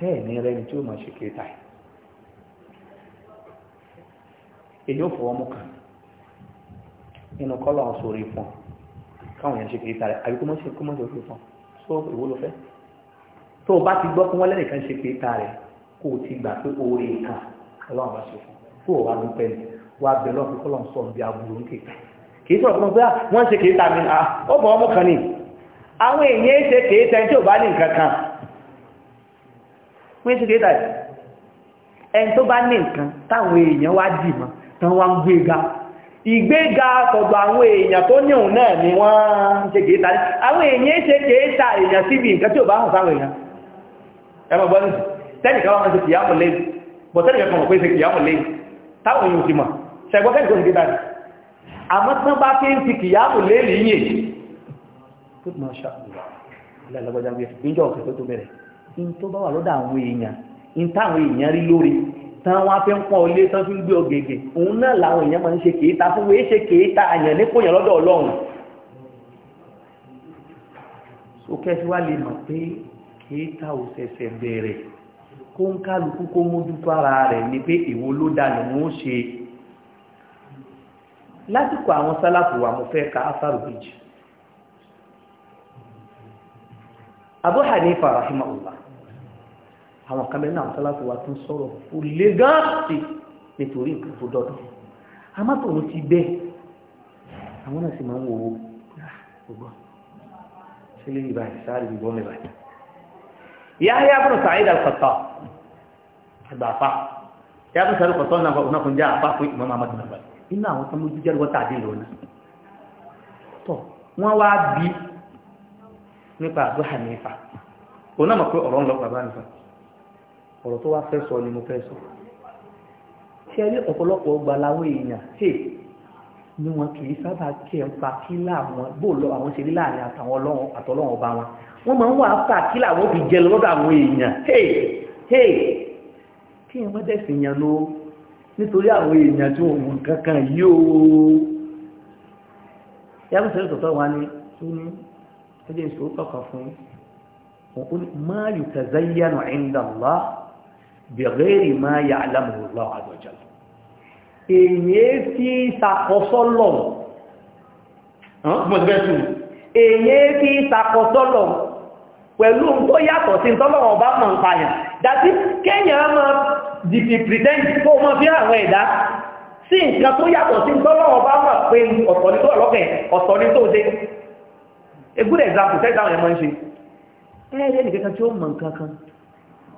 tẹ́ẹ̀ ní rẹni tí ó máa ṣe kéta ẹ̀ èyí ó fọwọ́ mú kàn nínú kọ́lọ̀ ọ̀hún sórí fún káwọn èèyàn ṣe kéta rẹ̀ àbí kó mọ́ orí fún tó ìwó ló fẹ́ tó o bá ti gbọ́ kó wọ́n lẹ́nìkan ṣe kéta rẹ̀ kó o ti gbà pé oore kan ọlọ́run bá ṣe fún tó o wà ló pẹ́ ni wàá bẹ̀ lọ́ọ̀ kọ́lọ̀ ń sọ̀rọ̀ aburú ń kéka kì í sọ̀rọ̀ fún pé ah, wọ́n ṣe kéta mi ah, ó fọwọ́ mú kàn ni àwọn èèyàn ṣe kéta tí ò bá ní nǹkan kan wọ́n ṣe déédà jù ẹni tó bá ní nǹkan táwọn èèyàn wá dì mọ́ tán wá ń gbéga ìgbéga tọ̀dọ̀ àwọn èèyàn tó ní òun náà ni wọ́n ń ṣe ní àwọn èèyàn ṣe kèéta èèyàn nǹkan tí ò bá hàn sáwọn èèyàn ẹmọ gbọ́n tẹ́nìkan ṣe kìyàmù tẹ́nìkan pé ṣe kìyàmù táwọn èèyàn ti mọ̀ ṣẹgbọ́n ní àmọ́ tán bá fi ń ti in tó bá wà lọ́dọ̀ àwọn èèyàn in táwọn èèyàn rí lórí tán wọn fẹ́ ń pọ́n ilé tán fi ń gbé ọ̀gẹ̀gẹ̀ òun náà làwọn èèyàn máa ń ṣe kèéta fún wọ́n ṣe kèéta àyàn ní kòyàn lọ́dọ̀ ọlọ́run sókè tí wá lè mọ̀ pé kèéta ò ṣẹ̀ṣẹ̀ bẹ̀rẹ̀ kó ń kálukú kó mójútó ara rẹ̀ ni pé èwo ló dà ní wọ́n ṣe lásìkò àwọn sálàfù wà mo fẹ́ ka afárò bíjì Abu Hanifa rahimahullah àwọn kamẹ́rin náà sálàfù wa tún sọ̀rọ̀ kò lè gáàsì nítorí nǹkan tó dọ́dọ̀ amátòrò ti bẹ́ẹ̀ àwọn náà sì máa ń wo gbogbo sílé ìbá ìsáàrí ìbọn mi báyìí Yahya ibn Sa'id al-Qattan àgbà àfà Yahya ibn Sa'id al-Qattan náà ọ̀nà kan jẹ́ àfà fún ìmọ̀ máa máa bá iná àwọn tó ń lójú jẹ́ lọ́tà dé lọ́nà tọ́ wọ́n wá bí nípa Abu Hanifa òun náà mọ̀ pé ọ̀rọ̀ ń lọ pàbá nìfà ọ̀rọ̀ tó wá fẹ́ sọ ni mo fẹ́ sọ ṣe rí ọ̀pọ̀lọpọ̀ ọgbà láwọn èèyàn ṣe ni wọn kì í sábà kí ẹ ń fa kí láwọn bó lọ àwọn ṣe rí láàrin àtàwọn ọlọ́run àtọlọ́run ọba wọn wọn máa ń wà fà kí làwọn fi jẹ lọ́dọ̀ àwọn èèyàn kí ẹ má dẹ̀sìn yàn ló nítorí àwọn èèyàn tí wọn mú kankan yìí o yàtọ̀ sẹ́yìn tọ̀tọ̀ wa ni tó ní ẹjẹ́ ìṣòro kọ̀ọ̀kan fún un máa yùtà zayyanu inda Allah bẹ̀rẹ̀ máa yà alámùlọ́ àjọjọ́ èyí fi sàkọsọ́lọ̀ èyí fi sàkọsọ́lọ̀ pẹ̀lú tó yàtọ̀ sí tọ́lọ̀wọ̀n bá mọ̀ ń pààyàn dàtí kéèyàn mọ́ dìfì pretend kó mọ́ fi àwọn ẹ̀dá sí nǹkan tó yàtọ̀ sí tọ́lọ̀wọ̀n bá mọ̀ pé ọ̀tọ̀ ní tó ọlọ́kẹ̀ ọ̀tọ̀ ní tó dé a good example tẹ́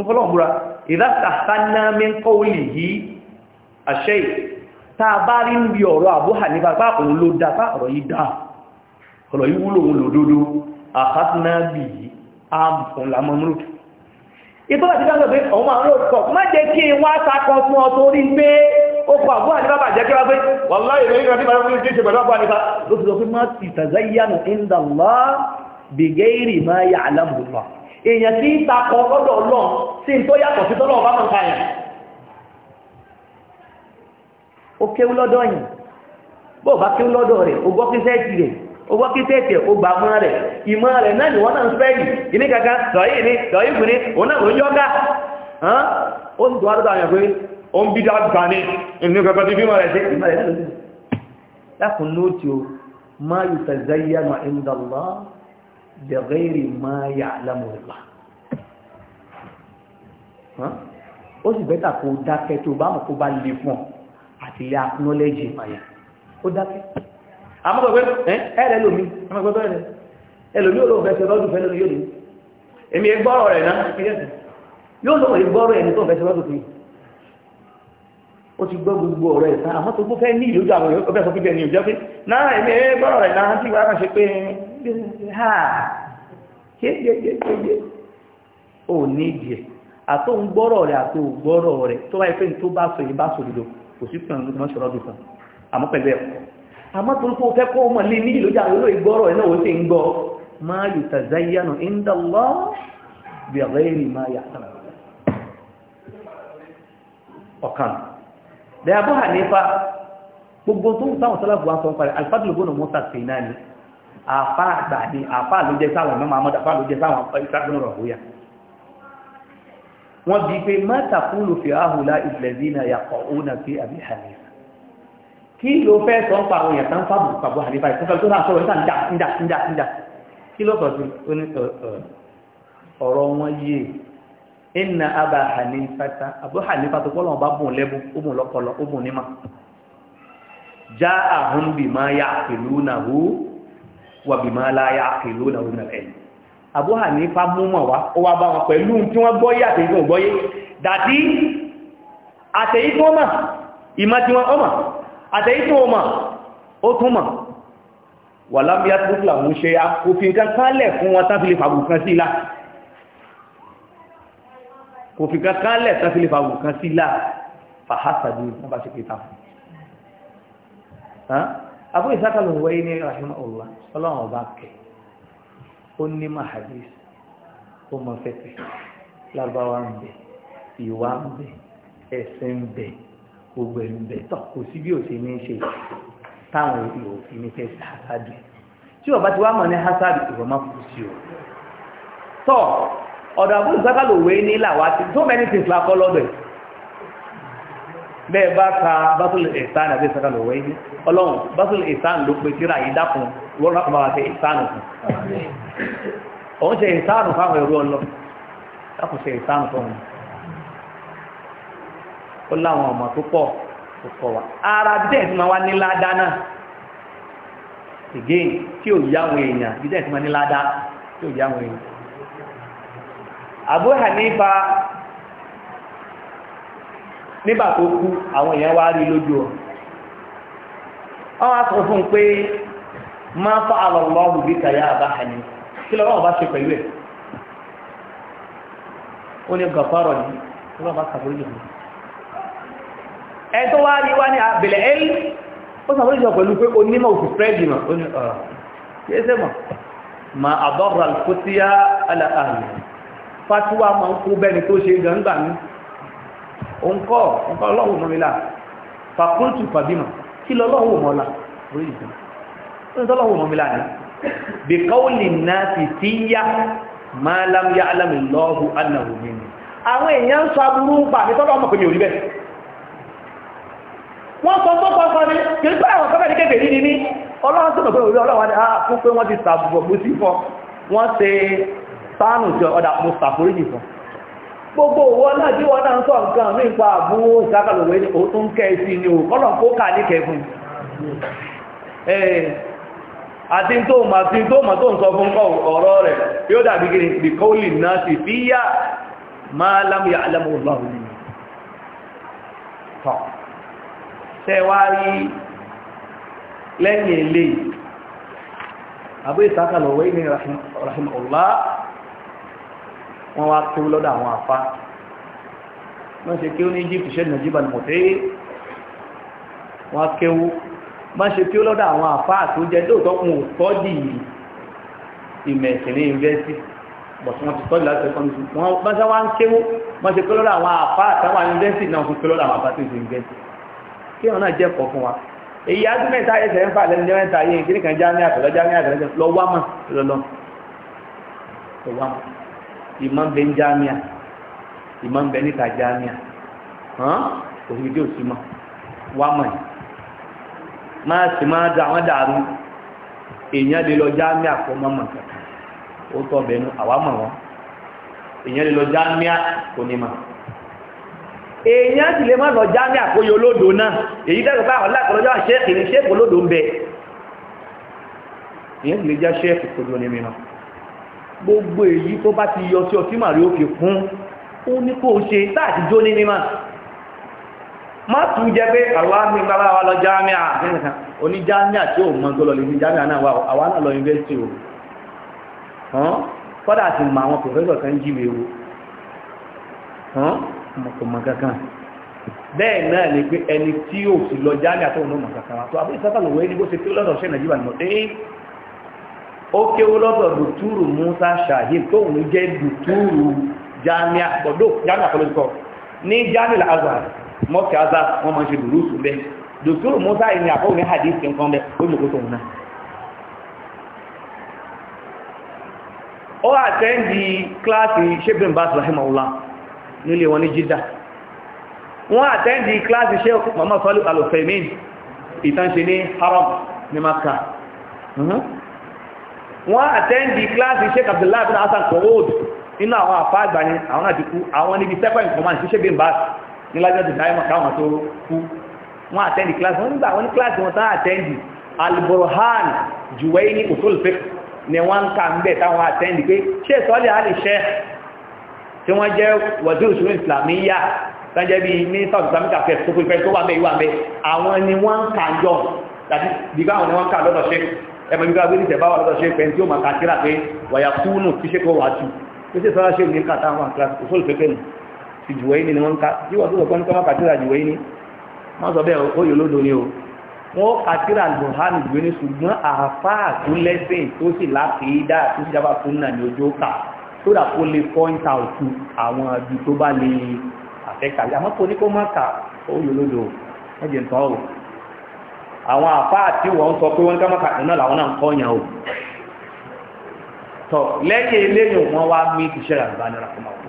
mo fọ́lọ́ ọ̀búra ìdásàtánámẹ́kọ́ olè yìí àṣẹ tàà bá rí ń bí ọ̀rọ̀ Abu Hanifa pá òun ló dá pá ọ̀rọ̀ yìí dá ọ̀rọ̀ yìí wúlò òun lòdòdó àkásínábì yìí ààbùn lámọ́múrò ìtọ́lá ti dáńgọ̀ pé ọ̀hún máa ń lò kọ̀ má jẹ́ kí n wá sakọ fún ọ torí pé ó kọ Abu Hanifa bà jẹ́ kíra Allah èèyàn tí ń takọ lọ́dọ̀ ọlọ́run sí tó yàtọ̀ sí tọ́lọ́ ọba mọ̀ǹkà yẹn ó kéwú lọ́dọ̀ yìí bó bá kéwú lọ́dọ̀ rẹ̀ ó gbọ́ kíṣẹ́ẹ̀tì rẹ̀ ó gbọ́ kíṣẹ́ẹ̀tì ó gbà mọ́ rẹ̀ ìmọ̀ rẹ̀ náà ni wọ́n náà ń ìní kankan sọ̀yí ni sọ̀yí kùnrin òun náà ló ń yọ́gá ó ń dùn ó ń bí dáadáa ní ìní bẹ̀rẹ̀ máa yà lámọ̀lá ó sì bẹ́tà kó dákẹ́ tó bá mọ̀ kó bá lè fún àti ilé akúnọ́lẹ́jì ìpàyà ó dákẹ́ amọ́gbẹ̀gbẹ́ ẹ̀rẹ́ lómi amọ́gbẹ̀gbẹ́ rẹ̀ ẹlòmí olóòfẹ́ ṣe lọ́dún fẹ́ lórí yóò ní èmi ẹgbọ́rọ̀ rẹ̀ náà yóò lọ́wọ́ ìgbọ́rọ̀ ẹni tó ń fẹ́ ṣe lọ́dún fún ó ti gbọ́ gbogbo ọ̀rọ̀ ẹ̀ta àmọ́ tó gbọ́ fẹ́ ní ìlú àwọn ọ̀fẹ́ sọ pípẹ́ ní ìjọ́ pé náà èmi ẹgbọ́rọ̀ rẹ̀ náà tí wọ́n á ṣe pé ha yéyéyéyé o ní ìdíẹ̀ àtò ń gbọ́rọ̀ rẹ̀ àtò gbọ́rọ̀ rẹ̀ tó tó bá sọ sọ kò sí pẹ̀lú ọdún ọdún kan àmọ́ pẹ̀lú ẹ̀kọ́ àmọ́ tó ń mọ̀ ní ìlójà àfá àgbà ni àfá ló jẹ́ sáwọn ìmọ́ Muhammad àfá ló jẹ́ sáwọn ìsáàbùn rọ̀bóyà wọ́n bí pé mẹ́ta kúlù fi áhùlá ìlẹ̀dínà yàkọ̀ òun àti àbí hanifa kí ló fẹ́ sọ ń pa àwọn èèyàn tán fábù pàbó hanifa ìfúnfẹ́ tó náà sọ̀rọ̀ nígbà nígbà nígbà nígbà kí ló sọ sí oní ọ̀rọ̀ wọn yé inna abba hanifa ta àbú hanifa tó pọ́lọ̀ bá bùn lẹ́bùn ó bùn wà bí máa láyá àkèló náà wọn fẹ́ Abu Hanifa múmọ̀ wá ó wá bá wọn pẹ̀lú tí wọ́n gbọ́yé àtèyí tó gbọ́yé dàtí àtèyí tó mọ̀ ìmọ̀ tí wọ́n ọmọ àtèyí tó mọ̀ ó tún mọ̀ wà lábíyá tó fìlà mú ṣe òfin kan kálẹ̀ fún wọn Abu Ishaq al-Huwayni rahimahullah ọlọ́run ọba kẹ ó ní mahadis ó mọ fẹ́fẹ́ lábáwá ń bẹ ìwà ń bẹ ẹ̀sìn ń bẹ gbogbo ẹ̀ ń bẹ tọ́ kò sí bí òsì ní ṣe táwọn òfin ní fẹ́ hasadi tí ọba ti wá mọ̀ ní hasadi ìwọ má kú sí o tọ́ ọ̀dọ̀ Abu Ishaq al-Huwayni làwá tó many things lakọ́ lọ́dọ̀ ẹ̀ bẹ́ẹ̀ bá ka bátùlù ìsàn àti ìsàn lọ́wọ́ yìí ọlọ́run bátùlù ìsàn ló pe tíra yìí dákun wọ́n rákùn bá ṣe ìsàn fún òun ṣe ìsàn fáwọn ẹrú ọlọ dákun ṣe ìsàn fún òun ó láwọn ọmọ tó pọ̀ tó pọ̀ wá ara díẹ̀ tí máa àwọn èèyàn díẹ̀ tí máa ní ládá Abu Hanifa nígbà tó kú àwọn èèyàn wá rí lójú ọ àwọn aṣọ fún pé máa fa àlọ́lọ́ òbí kàyà àbá kí lọ́wọ́ bá ṣe pẹ̀lú ẹ̀ ó ní gàfárọ̀ ní lọ́wọ́ bá kàfórí jù ẹ tó wá rí wá ní àbẹ̀lẹ̀ ẹ́lì ó sàfórí jù pẹ̀lú pé onímọ̀ òfin fẹ́ẹ̀dì mọ̀ ó ní ọ̀rọ̀ ah, kí ma àbọ̀rọ̀ àlùkò alàkàlù máa ń kú bẹ́ni tó ṣe òǹkọ́ òǹkọ́ ọlọ́wọ́ mọ́ mi là fàkúntù fàbímọ̀ kí lọ́lọ́wọ́ mọ́ la orí ìsìn ní tọ́lọ́wọ́ mọ́ mi là ní bí káwọ́lì náà ti ti yá ni àwọn èèyàn sọ aburú ń pa mi tọ́lọ́wọ́ mọ̀ pé mi ò rí wọ́n sọ tó kọ́ sọ ni kì í pé àwọn kọ́fẹ́ ní kékeré ní ní ọlọ́run tó mọ̀ pé òrí ọlọ́wọ́ ah, fún pé wọ́n ti sàbùbọ̀ sí fọ wọ́n ṣe sáánù sí ọ̀dà mo sàforíjì fún gbogbo òwò náà náà ń sọ nǹkan ní ipa àbúrò ìsákàlòwé ní o tún kẹ́ sí ni o kó kà ní kẹfún àti tó mà sí tó mà tó ń sọ fún ọ̀rọ̀ rẹ̀ yóò dàbí gírí náà sì fi yá máa lámúyà wọ́n wá kéwú lọ́dọ̀ àwọn àfá wọ́n ṣe kéwú ní Egypt ṣe nàíjíbà ní mọ̀tẹ́ wọ́n kéwú má ṣe kéwú lọ́dọ̀ àwọn àfá tó jẹ́ lóòótọ́ kún òtọ́dì ìmẹ̀sìn ní yunifásitì bọ̀tí wọ́n ti tọ́jú láti ẹ̀kọ́ ní ṣùgbọ́n wọ́n ṣe wá ń kéwú má ṣe kéwú lọ́dọ̀ àwọn àfá àtàwọn yunifásitì náà fún kéwú lọ́dọ̀ àwọn àfá tó ṣe yunifásitì kí wọn náà jẹ́ kọ̀ fún wa èyí adúmẹ̀ta ẹsẹ̀ ń fà lẹ́nu jẹ́ yìí kí nìkan jámẹ́ àtọ̀lọ́ jámẹ́ àtọ̀lọ́ lọ́wọ́ mọ̀ lọ́lọ́ lọ́wọ́ mọ̀ ìmọ̀ ń bẹ ní jámíà ìmọ̀ ń bẹ níta jámíà hàn òfin tí ò sí mọ́ wá mọ̀ ní máa sì máa da àwọn dàrú èèyàn lè lọ jámíà kó mọ́ mọ̀ kankan ó tọ́ bẹ̀ẹ́nu àwa mọ̀ wọ́n èèyàn lè lọ jámíà kó ní mọ̀ èèyàn sì lè má lọ jámíà kó yọ olódò náà èyí dẹ́gbẹ̀ bá àwọn lákọ̀ọ́lọ́jọ́ àṣẹ́kì ní ṣẹ́kì olódò ń bẹ èèyàn sì lè já ṣẹ́kì kó gbogbo èyí tó bá ti yọ sí ọtí màrí òkè fún ó ní kó ṣe láti jó ní mímọ̀ má tún jẹ́ pé àwa ní bàbá wa lọ jámíà nìkan oní jámíà tí ò mọ tó lọ lè ní jámíà náà wà àwa náà lọ yunifásitì o hàn kọ́dà sì mọ àwọn pòfẹ́sọ̀ kan jíwe o hàn bẹ́ẹ̀ náà ni pé ẹni tí ò sì lọ jámíà tó ń mọ tó àbí ìsátàlùwẹ́ ní bó ṣe pé lọ́dọ̀ ṣẹ́ nàìjíríà nìmọ̀ ó kéwó lọ́dọ̀ dùtúrù musa shahid tó ń jẹ́ dùtúrù jami'a pọ̀dọ̀ jami'a pọ̀lọ́dọ̀ ní jami'a azhar mọ́kì azhar wọ́n máa ń ṣe dùrúsù bẹ́ẹ̀ dùtúrù musa ìní àkọ́wò ní hadith nǹkan bẹ́ẹ̀ ó ní kótó náà ó àtẹ́ndì kíláàsì shebin bas rahimahullah nílé wọn ní jidda wọ́n àtẹ́ndì kíláàsì ṣe mọ́mọ́ sọ́lú alùfẹ́mí ìtànṣe ní haram ní maka wọ́n àtẹ́ndì kíláàsì sheik abdullahi bin hasan kowood nínú àwọn àfá àgbà awọn àwọn náà àwọn níbi second command ṣíṣe bí n ní lájọ́ ti dáìmọ̀ káwọn tó kú wọ́n àtẹ́ndì kíláàsì nígbà ní kíláàsì wọn tán àtẹ́ndì alburhan ni ka ń bẹ̀ táwọn àtẹ́ndì pé ṣé sọ́lì àlè ṣẹ́ tí wọ́n jẹ́ islamiyya bí ní south tó fẹ́ tó wà jọ ẹmọ ibi gbágbé nìtẹ̀ bá wà lọ́dọ̀ ṣe pẹ̀ tí ó máa kàkírà pé wàyà kúnù kí ṣe kọ́ wà jù ó sì sọ́ra ṣe ní kàtà àwọn àkàrà òṣòlù pẹ́pẹ́ ti jùwẹ́ ní ni wọ́n ká tí wọ́n tó lọ́kọ́ ní kọ́mọ́ kàkírà jùwẹ́ ní wọ́n ni o wọ́n kàkírà lùhánù jùwẹ́ ní ṣùgbọ́n àáfàá tó lẹ́sìn tó sì láfìídà tó sì jábà fún náà ní ojú ó kà tó dà kó lè point out àwọn ibi tó bá lè àfẹ́kà àmọ́ kò àwọn àfáà tí wọ́n sọ pé wọ́n ká mọ́ka iná làwọn náà ń kọ́ yàn o tọ lẹ́yìn eléyìn wọn wá mí ti ṣẹlẹ̀ àgbáni rakuma wọn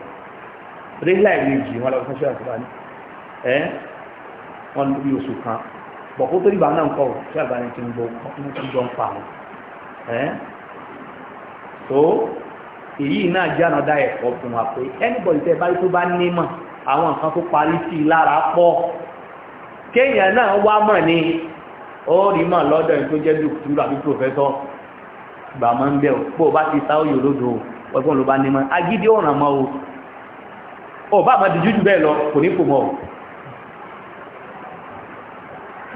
rílà ìwé jì wọn lọ fún ṣẹlẹ̀ àgbáni ẹ wọn lórí oṣù kan bọ̀ kó tó dìbò àwọn náà ń kọ́ o ṣẹlẹ̀ àgbáni ti ń gbọ́ ti ń jọ ń pa wọn ẹ tó èyí náà jẹ́ àná dá ẹ̀kọ́ fún wa pé anybody tẹ́ báyìí tó bá ní mọ̀ àwọn nǹkan tó parí sí i lára pọ̀ kéèyàn náà wá mọ̀ ní ó rí mà lọ́dọ̀ yìí tó jẹ́ dùkútù àbí pòfẹ́sọ̀ gbà máa ń bẹ̀ pé o bá ti sá òyò lódò ọgbọ́n ló bá ní mọ́ agídí ọ̀ràn mọ́ o ò bá àmọ́ dijú jù bẹ́ẹ̀ lọ kò ní kò mọ́ o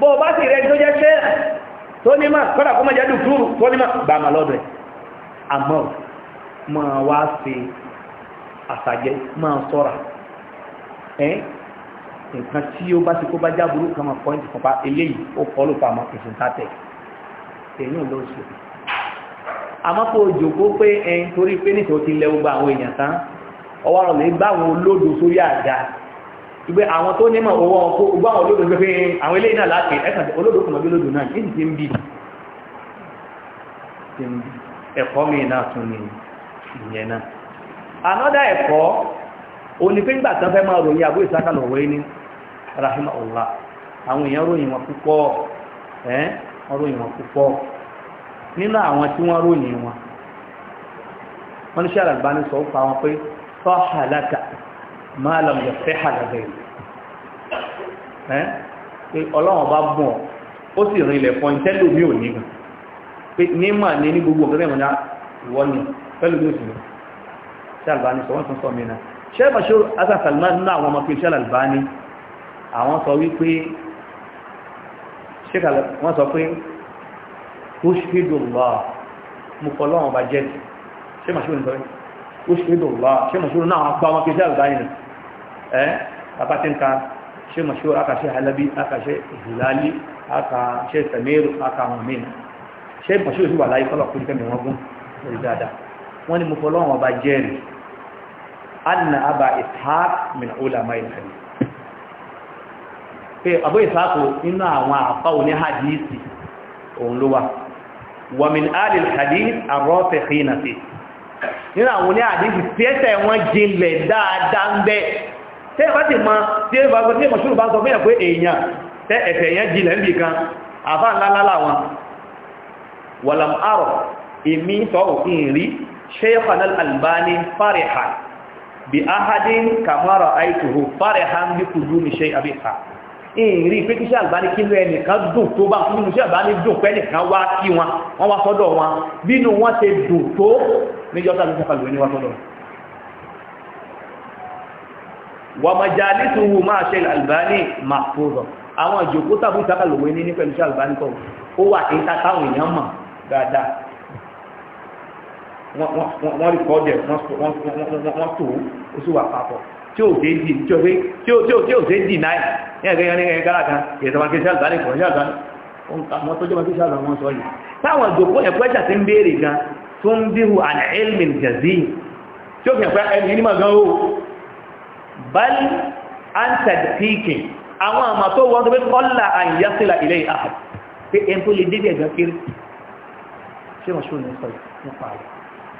bó o bá sì rẹ tó jẹ́ ṣẹ́ tó ní mà kọ́dà kó má jẹ́ dùkútù tó ní mà gbà mà lọ́dọ̀ ẹ̀ àmọ́ máa wá ṣe àṣàjẹ́ máa sọ́ra nǹkan tí ó bá ti kó bá jáburú kan máa pọ́ìntì kan pa eléyìí ó kọ́ ló pa àmọ́ kìsùn tàtẹ̀ èyí ló ṣe àmọ́ kó o jòkó pé ẹn torí pé nítorí ti lẹ gbogbo àwọn èèyàn tán ọwọ́ rọ̀ lè gbá àwọn olódo sórí àga ìgbé àwọn tó nímọ̀ owó ọkọ̀ gbá àwọn olódo pé àwọn eléyìí náà láti ẹ̀kàn olódo kùnà bí olódo náà èyí ti ń bì ẹ̀kọ́ mi náà tún ni ìyẹn náà another ẹ̀kọ́ onípéǹgbà tán fẹ́ máa ròyìn àbúrò ìsákàlọ̀ wẹ́ ní rahimahullah àwọn èèyàn ròyìn wọn púpọ̀ ẹ́ wọ́n ròyìn wọn púpọ̀ nínú àwọn tí wọ́n ròyìn wọn wọ́n ní sẹ́rẹ̀ àgbáni sọ pa wọn pé fọ́hàlákà máa lọ yẹ fẹ́ hàlàbẹ̀ ẹ́ pé ọlọ́run bá bùn ó sì rìn ilẹ̀ fún ìtẹ́lò mi ò ní gan pé nímọ̀ ní ní gbogbo ọ̀gẹ́rẹ́ ìmọ̀lá ìwọ ni pẹ̀lú ní òsìlẹ̀ sẹ́rẹ̀ àgbáni sọ wọ́n tún sọ mí náà sẹ́rẹ̀ bàṣẹ́ àwọn sọ wípé ṣíkàlẹ̀ wọ́n sọ pé ó ṣídò lọ mú fọlọ́wọ́n bá jẹ́ ṣe màṣí òní sọ́rẹ́ ó ṣídò lọ ṣe màṣí òní náà gbá wọn kí jẹ́ àgbáyìn ẹ́ bàbá tí ń ka ṣe màṣí òní àkàṣe halabi àkàṣe ìhìlálí àkàṣe sẹ̀mẹ́rù àkàwọn mìíràn ṣe màṣí òní wà láyé kọ́lọ̀ kó jẹ́ mẹ́wọ́n gún lórí dáadáa pé Abu Ishaq nínú àwọn àfá òní hadithi òun ló wà wa min ali al-hadith ar-rasikhina fi nínú àwọn òní hadithi tí ẹsẹ̀ wọn jinlẹ̀ dáadáa ń bẹ tí ẹ bá ti mọ tí ẹ bá sọ fún ẹ̀kọ́ èèyàn tẹ́ ẹ̀fẹ̀ yẹn jinlẹ̀ ń bì kan àfá bi ahadin kama ra'aytuhu farihan bi qudumi shay abi ishaq èrè pé kíṣẹ́ àgbáni kí ló ẹnìkan dùn tó bá fún ìṣẹ́ àgbáni dùn pé ẹnìkan wá kí wọn wọ́n wá sọ́dọ̀ wọn bínú wọn ṣe dùn tó níjọ́ sáà ló ń sàfàlùwẹ̀ ní wá sọ́dọ̀ wọ́n máa já nítorí máa ṣe àlùbáni máa tó rọ̀ àwọn ìjòkó tàbí ìsàfàlùwẹ̀ ní pẹ̀lú iṣẹ́ àlùbáni kọ̀ ó wà kí táwọn èèyàn mọ̀ dáadáa wọ́n rí kọ́ọ̀dẹ̀ wọ́n tó ó sì wà papọ̀ tí ò dé dì tí ò dé tí ò tí ò dé dì náà ní ẹgbẹ́ yẹn ní ẹgbẹ́ gára kan ìyẹ̀tọ̀ máa kéṣẹ́ àlùbáni kọ̀ níṣẹ́ àlùbáni wọ́n tó jẹ́ máa kéṣẹ́ àlùbáni wọ́n sọ yìí táwọn ìjòkó ẹ̀kọ́ ẹ̀jà ti ń béèrè gan tó ń díhu an ilmin jazim tí ó fi ẹ̀kọ́ ẹni ní màgán o bal ansad pikin àwọn àmà tó wọ́n tó fẹ́ kọ́là àyàsílà ilé àhàd pé ẹni tó lè dédé ẹ̀gbẹ́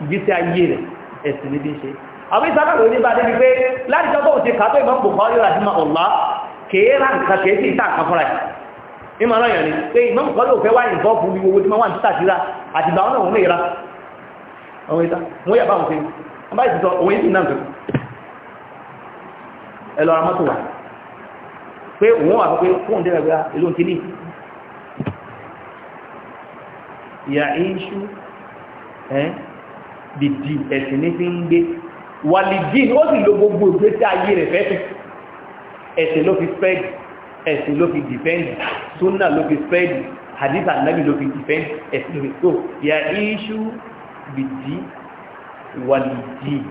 ìgbésí ayé rẹ̀ ẹ̀sìn níbi ṣe àwọn ìsára rẹ̀ ní bá débi pé láti jọ́ tó ti kàtó ìmọ̀ Bukhari rà síma ọ̀lá kéèrà nǹkan kéèsì ìta nǹkan fúnra ẹ̀ ìmọ̀ ọ̀rọ̀ yẹn ni pé ìmọ̀ Bukhari ò fẹ́ wá ìfọ́ fún mi owó tí wọ́n wà ní títà síra àti ìgbà ọ̀nà òun ìra àwọn ìta wọ́n yà bá wọn fi wọ́n bá ìsìn sọ òun ìsìn ẹ́ dìdì ẹ̀sìn ní fi ń gbé wàlìdín ó sì lo gbogbo ìgbésí ayé rẹ̀ fẹ́sìn ẹ̀sìn ló fi spread ẹ̀sìn ló fi defend sunna ló fi spread hadith anabi ló fi defend ẹ̀sìn ló fi so yà iṣu bìdì wàlìdín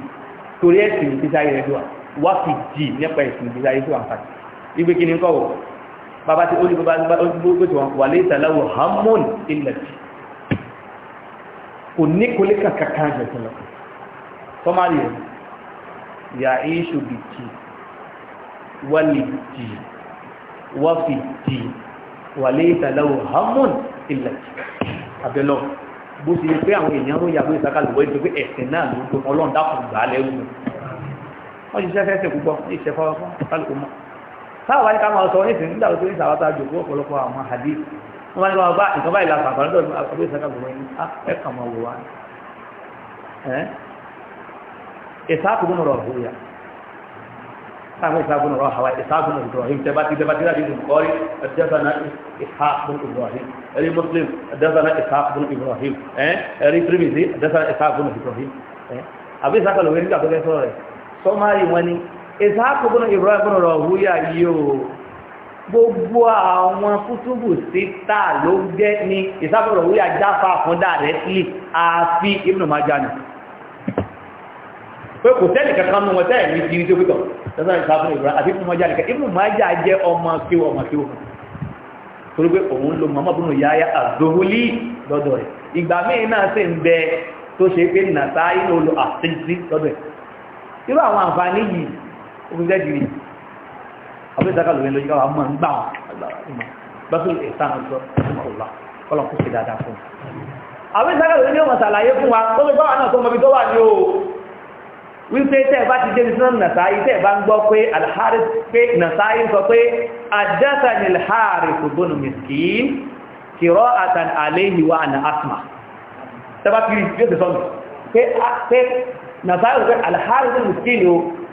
torí ẹ̀sìn ìgbésí ayé rẹ̀ ló wà wá fi dì nípa ẹ̀sìn ìgbésí ayé tó wà pàtàkì ìgbé kí ni kọ́wọ̀ bàbá tí ó ní bàbá tí wọ́n wà lè tàlàwò hamon ilẹ̀ jì kò ní kò lè kankan kan jẹ fún lọ sọmárì rẹ yà é ṣòbí tì wà lè tì wà fi tì wà lè tàlẹ́wò hamon ilẹ̀ abẹ́lọ́ bó ti yẹ pé àwọn èèyàn ló yàgbé ìsákàlùwọ́ ètò pé ẹ̀sìn náà ló ń tó ọlọ́run dákùn gbà á lẹ́wù wọ́n ti ṣẹ́fẹ́ ṣe púpọ̀ ní ìṣẹ́fọ́ fún kálukú mọ́ táwọn wáyé ká máa sọ nísìnyí nígbà tó ní wọ́n ní wọ́n bá nǹkan báyìí la pàpà lọ́dọ̀ àkọ́bí ìsaka gbogbo yìí ah, ẹ kàn máa wò wá ìsáàkù gbọ́nà rọ̀ bóyá sáàkù ìsáàkù gbọ́nà rọ̀ hawa ìsáàkù gbọ́nà Ibrahim tẹ́ bá ti tẹ́ bá ti rà nínú kọ́rí ẹ̀dẹ́sánà ìsáàkù gbọ́nà Ibrahim ẹ̀rí Muslim ẹ̀dẹ́sánà ìsáàkù gbọ́nà Ibrahim ẹ̀rí Tirmidhi ẹ̀dẹ́sánà ìsáàkù gbọ́nà Ibrahim àbí ìsáàkù lòwe nígbà tó fẹ́ sọ̀rọ̀ rẹ̀ sọ́márì wọn ni ìsáàkù gbọ́nà Ibrahim rọ̀ bóyá gbogbo àwọn kútùbù síta ló jẹ́ ní ìsáfẹ́rọ̀ orí ajáfà fún dàrẹ́tìlì àfi Ibnu Majah ni pé kò tẹ́lì kankan mú wọn tẹ́lì ní ti pítọ̀ tẹ́lì ìsáfẹ́rọ̀ ìbúra àti Ibnu Majah nìkan Ibnu Majah jẹ́ ọmọ kí ọmọ kí ó torí pé òun lo mọ́mọ́bùnú yáyá àdóhólì lọ́dọ̀ rẹ̀ ìgbà míì náà sì ń bẹ tó ṣe pé nàtà inú lo àṣírí lọ́dọ̀ rẹ̀ irú àwọn àǹfààní yìí àbí ìdákàlù rẹ̀ lójú káwà mọ̀ ń gbà wọn lọ́sùn ìtàn ọjọ́ ọlá kọ́lọ̀ kó ṣe dáadáa fún àbí ìdákàlù rẹ̀ ní ọmọ sàlàyé fún wa tó gbọ́ àwọn tó mọbi tó wà ní o wípé tẹ́ bá ti dé ní sínú nàṣáyí tẹ́ bá ń gbọ́ pé nàṣáyí sọ pé àjẹsà ní alhari kò gbónú miskin kìrọ́ àtàn àléhì wa àna asma tẹ́ bá ti rí yóò ti sọ́nù pé ah, nàṣáyí sọ pé alhari kò miskin ni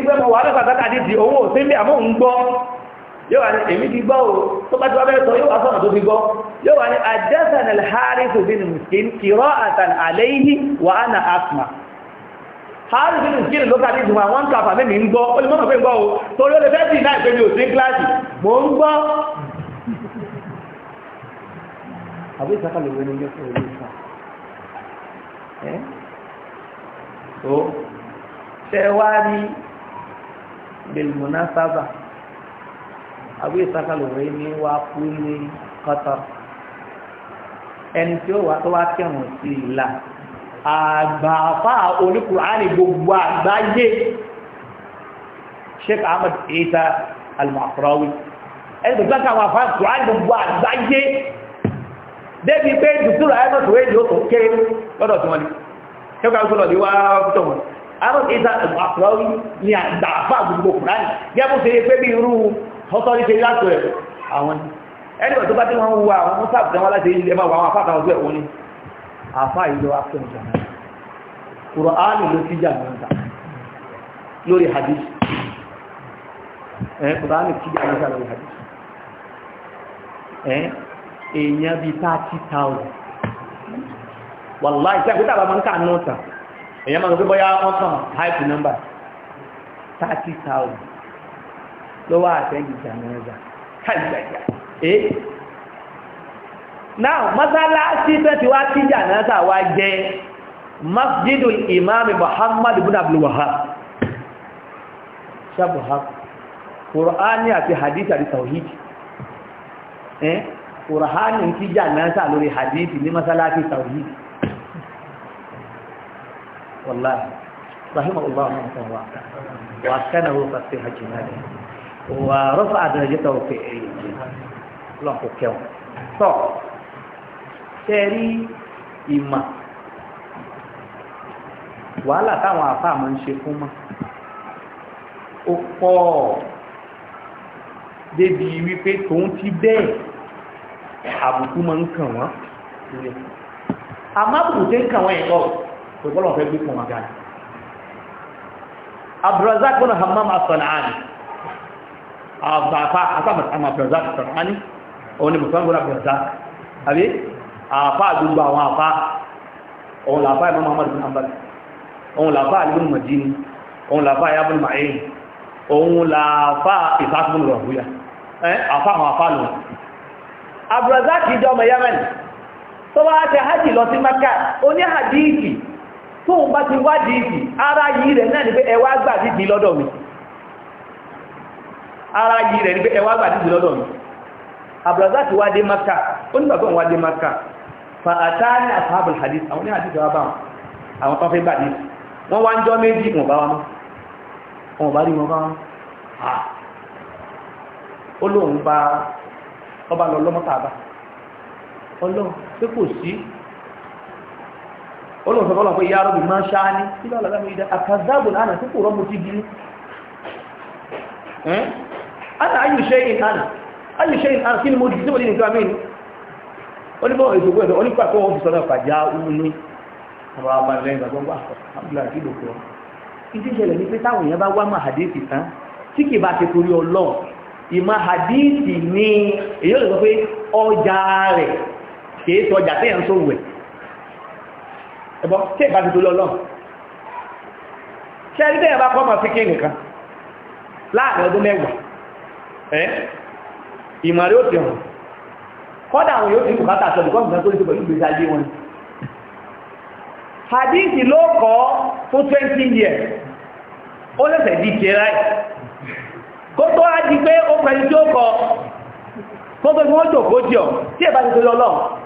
ibẹ̀ mọ̀ wà lọ́pàá tàbí àdìsí owó sílé àmọ́ ń gbọ́ yóò wà ní èmi ti gbọ́ o tó bá ti wá bẹ́ẹ̀ sọ yóò wá sọ́nà tó fi gbọ́ yóò wà ní àjẹ́sàn alharisu bin muskin kìrọ́ àtàn àlẹ́yìí wà á na asma harisu bin muskin ló بالمناسبة أبو إسحاق الغيني وأقولي قطر ẹni tí ó wà tó wá kẹrùn sí ìlà àgbààfà oníkùránì gbogbo àgbáyé Sheikh Ahmad Isa al-Maqrawi ẹni tó gbáka àwọn àfáà kùránì gbogbo àgbáyé débi pé dùtúrà ẹgbẹ́ tó wé ó tó kéré lọ́dọ̀ tí wọ́n ni kẹ́kọ̀ọ́ aaron isa àfúráwí ni àgbà àfà gbogbo kùránì gẹ́gùn ṣe pé bí irú ọ̀tọ́rí ṣe láti rẹ̀ àwọn ẹni tó bá tí wọ́n ń wa àwọn mọ́sáàbù tán wá láti ilẹ̀ máa wà àwọn afáàkà ọjọ́ ẹ̀wọ́n ni èèyàn bíi 30,000 wàláì tẹ́kùtà bá máa ń kà náà tàn èyàn máa sọ pé bọ́yá wọ́n kàn hype number thirty thousand lọ́wọ́ àtẹ́jì jàmẹ́rẹ́jà káìjàjà eh? now mọ́sálásí tẹ́tí wá kí jàmẹ́rẹ́sà wá jẹ́ masjidul imam muhammad ibn abdul wahab shabu haq qur'ani àti hadith àti tawhid eh qur'ani kí jàmẹ́rẹ́sà lórí hadith ní mọ́sálásí tawhid والله رحمه الله من وعده وأسكنه فسيح جناده ورفع درجته في الجنة الله كيوم so sẹ́rí ìmọ̀ wàhálà táwọn àfáà máa ń ṣe fún mọ́ ó pọ̀ débi wípé tòun ti bẹ́ẹ̀ àbùkù máa ń kàn wọ́n àmọ́ àbùkù ń kàn wọ́n yẹn ṣùgbọ́n ọ̀fẹ́ gbé fún ọ̀gá abdulrazak bin hammam as-sanani àbàfà àtàmà abdulrazak as-sanani òun ni musamman bin abdulrazak àbí àfà àdúgbò àwọn àfà òun làfà imam muhammad bin hanbal òun làfà ali bin madini òun làfà ya bin ma'in òun làfà isaac bin rahuya àfà àwọn àfà lòun abdulrazak tóun bá ti wádìí ìdì ara yìí rẹ̀ náà ni pé ẹwà gbà dìdì lọ́dọ̀ mi ara yìí rẹ̀ ni pé ẹwà gbà dìdì lọ́dọ̀ mi abúrazá ti wá dé maka ó nígbà tó ń wá dé maka fa àtá ní àfáàbùl hadith àwọn ní hadith wá bá wọn àwọn tó fẹ́ gbà dìdì wọ́n wá ń jọ méjì wọn bá wọn wọn bá rí wọn bá wọn ó lóun bá ọba ọlọ́run pé kò sí olóòsọ fọlọ pé yàrá mi máa ń ṣáá ní kí lọ́la lámì ìdá àkàzáàbò náà tí kò rọ́mù ti bínú ana ayu shay'in ana ayu shay'in ana kí ni mo dìde bọ́dí nǹkan mi ni onígbọ́ ìdògbò ẹ̀dọ́ onígbà tó wọ́n fi sọ́dọ̀ fàjá òun ní ọ̀rọ̀ abalẹ̀ ìgbàgbọ́ wà abdullahi kí lóko ìdí ìṣẹ̀lẹ̀ ní pé táwọn èèyàn bá wá máa hadithi tán tí kì bá ti torí ọlọ́run ìmọ̀ hadithi ni èyí ò lè sọ pé ọjà rẹ̀ kì í sọjà tẹ́yàn sóhùn ẹ̀ ẹ̀bọ́ tí ẹ̀bá ti torí ọlọ́run ṣe ẹ̀rí bẹ́ẹ̀ bá kọ́mọ̀ sí kí nìkan láàrin ọdún mẹ́wàá ẹ́ ìmọ̀rẹ́ ó ti hàn kọ́dà àwọn yóò ti bùkátà sọ bìkọ́ nǹkan tó ní pẹ̀lú ìgbésí ayé 20 years ó lẹ́sẹ̀ di tiẹ̀ láì kó tó á di pé ó pẹ̀lú tí ó kọ kó tó fi wọ́n jòkó jì ẹ̀bá ti torí ọlọ́run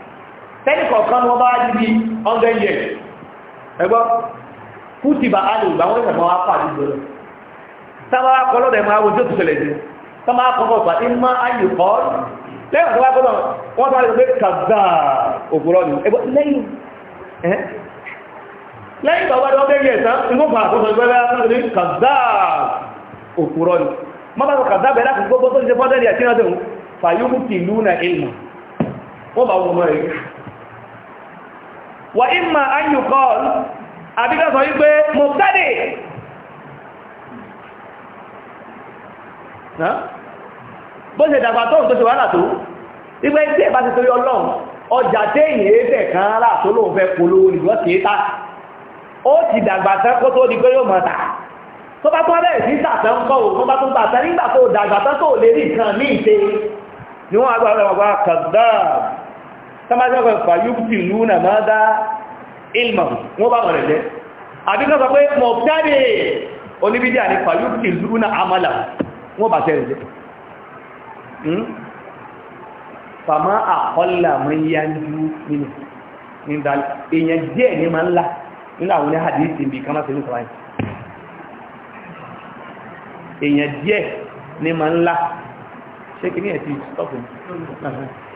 tẹ́lì kọ̀ọ̀kan wọ́n bá di bí 100 years ẹgbọ́ fúti bá a lè gbà wọ́n ìsàmọ́ wá pàdé ìgbòrò sábà kọlọ́dọ̀ ẹ̀mọ́ àwọn ojú òtútù lẹ́jẹ́ sábà kọ́kọ́ pàdé má ayò kọ́ lẹ́yìn tó wọ́n bá kàzá bẹ̀ láti wà ìmà ayùkọ́l àbíkà sọ wípé mọ̀tẹ́dì bó ṣe dàgbà tó ń tó ṣe wà látó wípé tí ẹ̀bá ti torí ọlọ́run ọjà téèyàn ẹ̀ẹ́dẹ̀ kan rà tó lóun fẹ́ polówó nìgbọ́ kìí ta ó ti dàgbà tán kó tó di pé yóò mọ̀ ta tó bá tó bẹ̀rẹ̀ sí sàtàn kọ́ ò tó bá tó gbà tán nígbà tó dàgbà tán tó lè tọ́májọ́gbẹ̀ fàyúkùtì lúnà máa dá ilmà wọ́n bá rẹ̀ lẹ́ àbíkọ́ sọ pé mọ̀pítàdé oníbídíà ní fàyúkùtì lúnà àmàlà wọ́n bá tẹ́rẹ̀ lẹ́ hmm? fàmá àkọ́là mọ́ yánjú nínú nígbàlá èèyàn díẹ̀ ní máa ńlá nínú àwọn oníhàdìsì bí kan láti lùsọ̀rọ̀ èèyàn díẹ̀ ní máa ńlá ṣé kí ní ẹ̀ ti stop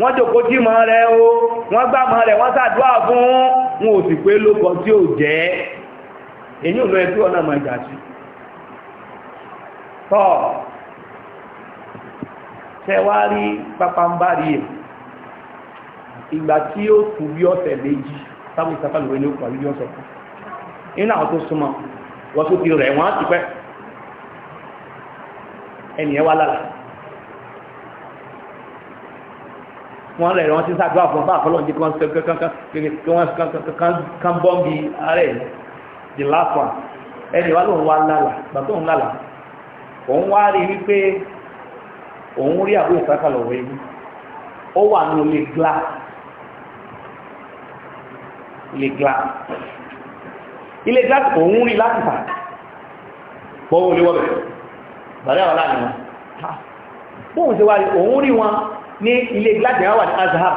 wọ́n jòkó tí mọ́ rẹ̀ o wọ́n gbà mọ́ rẹ̀ wọ́n sàdúrà fún wọn ò pé lókọ tí ò jẹ́ èyí ò lọ ẹ ọ̀nà jà sí tọ́ tẹwárí pápánbárí ẹ̀ ìgbà tí ó kù bí ọ̀sẹ̀ méjì ó kù wọ́n rẹ̀ wọ́n ti sàdúrà fún bá àfọlọ́n jí kan kan bọ́m bí ààrẹ the last one ẹni wá lóun wá lálà gbàtọ́ òun lálà òun wá rí wípé òun rí àbúrò sákàlọ̀ wẹ̀ yìí ó wà ní olè glass ilé glass ilé glass òun rí láti fà bọ́wọ́ olówó bẹ̀rẹ̀ bàrẹ́ àwọn láàrin wọn bóun ṣe wá rí òun rí wọn ní ilé gladden wà ní azhar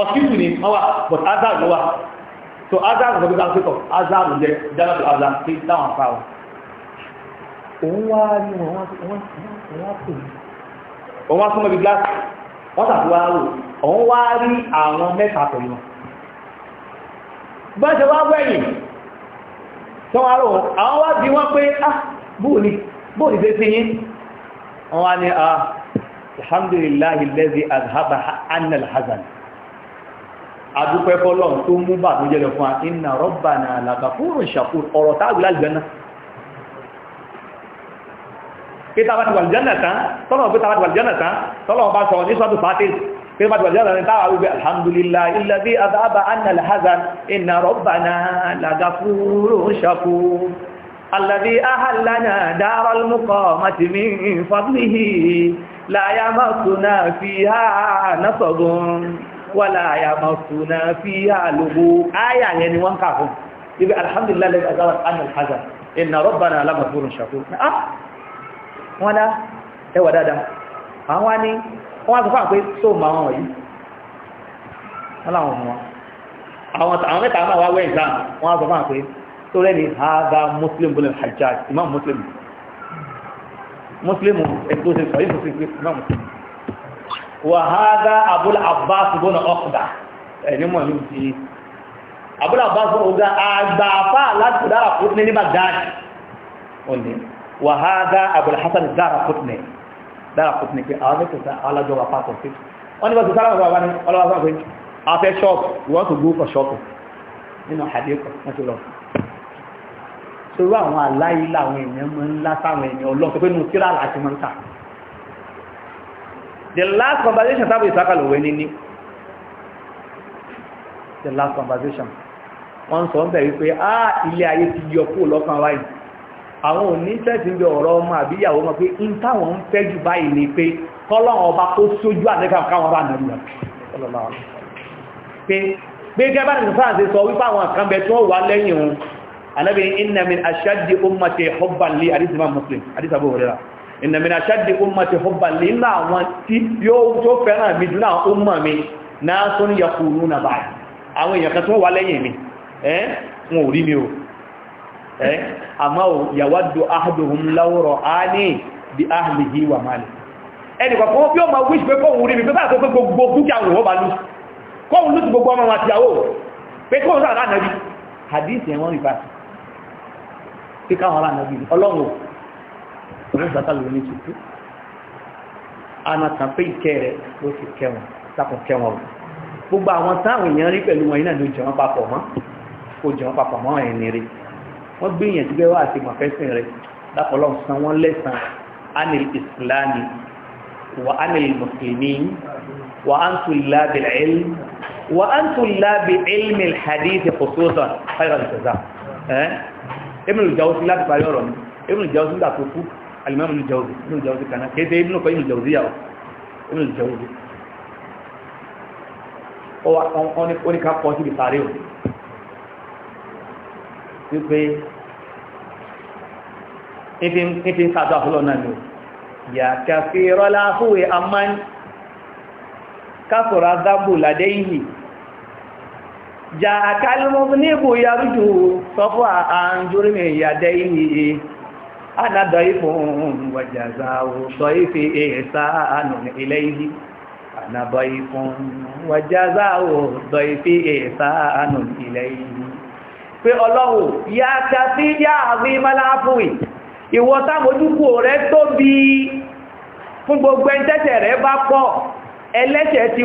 ọ̀sìnkú ni wọ́n wà but azhar ló wà so azhar ló gbé sáńpẹ́kọ̀ azhar ló jẹ́ dáná tó azhar pé táwọn afá wọn òun wá ní wọn wọ́n wá súnmọ́ bí gíláàsì wọ́n tàbí wá rò òun wá rí àwọn mẹ́ta pẹ̀lú wọn bọ́n ṣe wá wẹ́yìn tó wá rò àwọn wá bí wọ́n pé ah bóòlì bóòlì fẹ́ sí yín wọ́n wá ní ah alhamdulillahi lẹ́zi azhaba annal hazan adúpẹ́ fọ́lọ́n tó mú bà tó jẹ́lẹ̀ fún inna rabbana lagafurun shakur ọ̀rọ̀ táàgbìlá ìgbẹ́nà pétabati wàlìjánà tán tọ́lọ̀ pétabati wàlìjánà tán tọ́lọ̀ bá sọ ní sọ́dún fàtí pétabati wàlìjánà tán táwà wípé alhamdulillahi alladhi azhaba annal hazan inna rabbana lagafurun shakur alladhi ahallana daral muqamati min fadlihi láyá mọ́sùnà fi ha násọ̀gùn wà láyá mọ́sùnà fi ha lògbò áyà yẹn ni wọ́n kà fún ibi alhamdulillah lẹ́gbẹ̀ẹ́ azáwà anil hazard inna rabbana alamafurun shakur ah wọ́n dá ẹwà dáadáa àwọn wá ní wọ́n sọ fáwọn pé tó ma wọn wọ̀nyí wọ́n láwọn ọmọ wọn àwọn mẹ́ta máa wá wẹ́ ìzáàmù wọ́n sọ fáwọn pé tó rẹ́ ni haza muslim bin al-hajjaj imam muslim muslim ẹgbẹ́ òṣèlú sọ yíò sí náà muslim wà hádá abúlé abbas bọ́nà ọ̀kùdà ẹni mọ̀ ní ti abúlé abbas bọ́nà ọ̀gá àgbàfà láti dára kúrò ní baghdad ọ̀nì wà hádá abúlé hasan dára kúrò ní dára kúrò ní pé àwọn mẹ́tẹ̀ẹ̀ta alájọ wà pàtó sí wọ́n ni bá ti sára wà wá ní ọlọ́wà sáà pé afẹ́ ṣọ́ọ̀pù you want to go for shopping nínú àdékọ̀ wọ́n ti lọ sọ̀rọ̀ àwọn aláì láwọn èèyàn mọ́ ńlá sáwọn èèyàn ọlọ́pẹ́ pẹ́nu tíra láti mọ́ ń the last conversation tábí ìsákàlò wẹ́ níní the last conversation wọ́n sọ ń bẹ̀ wípé á ah, ilé ayé ti yọ kú lọ́kàn wáyé àwọn òní tẹ́sí ń bẹ ọ̀rọ̀ ọmọ àbíyàwó mọ́ pé ń táwọn ń fẹ́ jù báyìí ni pé kọ́lọ́run ọba kó sójú àdẹ́kà káwọn bá nàrí rẹ̀ pé gẹ́gẹ́ bá nìkan sáà ṣe sọ wípé àwọn kan tí wọ́n wà lẹ́yìn òun anábì inna min aṣáàdì ummati hubban li àdísì máa muslim àdísì àbúrò rẹ̀ inna min aṣáàdì ummati hubban li iná àwọn tí yóò tó fẹ́ràn mi jù náà ó mọ̀ mi náà tó ní yakuru na báyìí àwọn èèyàn kan tó wà lẹ́yìn mi ẹ́ wọn ò rí mi o ẹ́ àmá o yawaddu ahaduhum law ra'ani bi ahlihi wa mali ẹnì kọ̀ọ̀kan wọn bí ó máa wíṣ pé kóhun rí mi pé bá àtọ́ pé gbogbo dúkìá wọn wọ́n bá lù kóhun lù ti gbogbo ọmọ wọn àti àwọ̀ pé kóhun sáà náà nàbí hadith yẹn wọ́n rí báyìí kí káwọn ará nàbí ọlọ́run òun ìgbà tàbí oní tuntun anatan pé ìkẹ́ rẹ̀ ló fi kẹwọn sákùn kẹwọn o gbogbo àwọn táwọn èèyàn rí pẹ̀lú wọn iná ló jẹ wọn papọ̀ mọ́ kó jẹ wọn papọ̀ mọ́ ẹni rẹ̀ wọ́n gbìyànjú pé wá àti mọ̀fẹ́sìn rẹ̀ lápọ̀lọ́ san wọ́n lẹ́sàn anil islami wa anil muslimin wa antul labil ilm wa antul labil ilmi al hadith khususan Ibn al-Jawzi láti parí ọ̀rọ̀ mi Ibn al-Jawzi gbà tó kú alimami Ibn al-Jawzi Ibn al-Jawzi kaná kéde Ibn Qayyim Ibn al-Jawzi yàwó Ibn al-Jawzi ó ní ká pọ̀ síbi sáré o wípé ní fi ń sáàdọ̀ àfúlọ̀ náà ni o yà kàfẹ́ rọ́lá fúwẹ́ amán kásọ̀rọ̀ adágbò ládé jà kálùmù níbù yarújù sọ́fọ́ àǹjúrí mi yàdẹ́ ìyí anádọ́ ìfún wàjàzà òsọ ìfẹ́ ìfẹ́ èsà ànù ilẹ̀ ìyí pé ọlọ́wọ̀ yà kàfí yà àrí gbogbo ti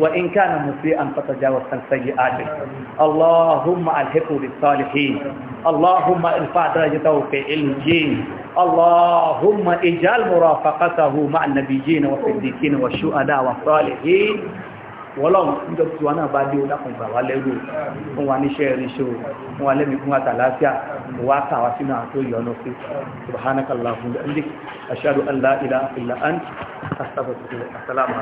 وإن كان مسيئا فتجاوز عن سيئاته اللهم ألحقه بالصالحين اللهم ارفع درجته في الجين اللهم اجعل مرافقته مع النبيين والصديقين والشهداء والصالحين wọ́lọ́run níjọ́ tí wọ́n náà bá dé olákùn ìgbà wá lẹ́rù fún wa níṣẹ́ ìrìnṣẹ́ fún wa lẹ́mí fún àtàlásíà wá kàwá sínú àtó ìyọnu sí subhanakallahu wa bihamdik ashhadu an la ilaha illa anta astaghfiruka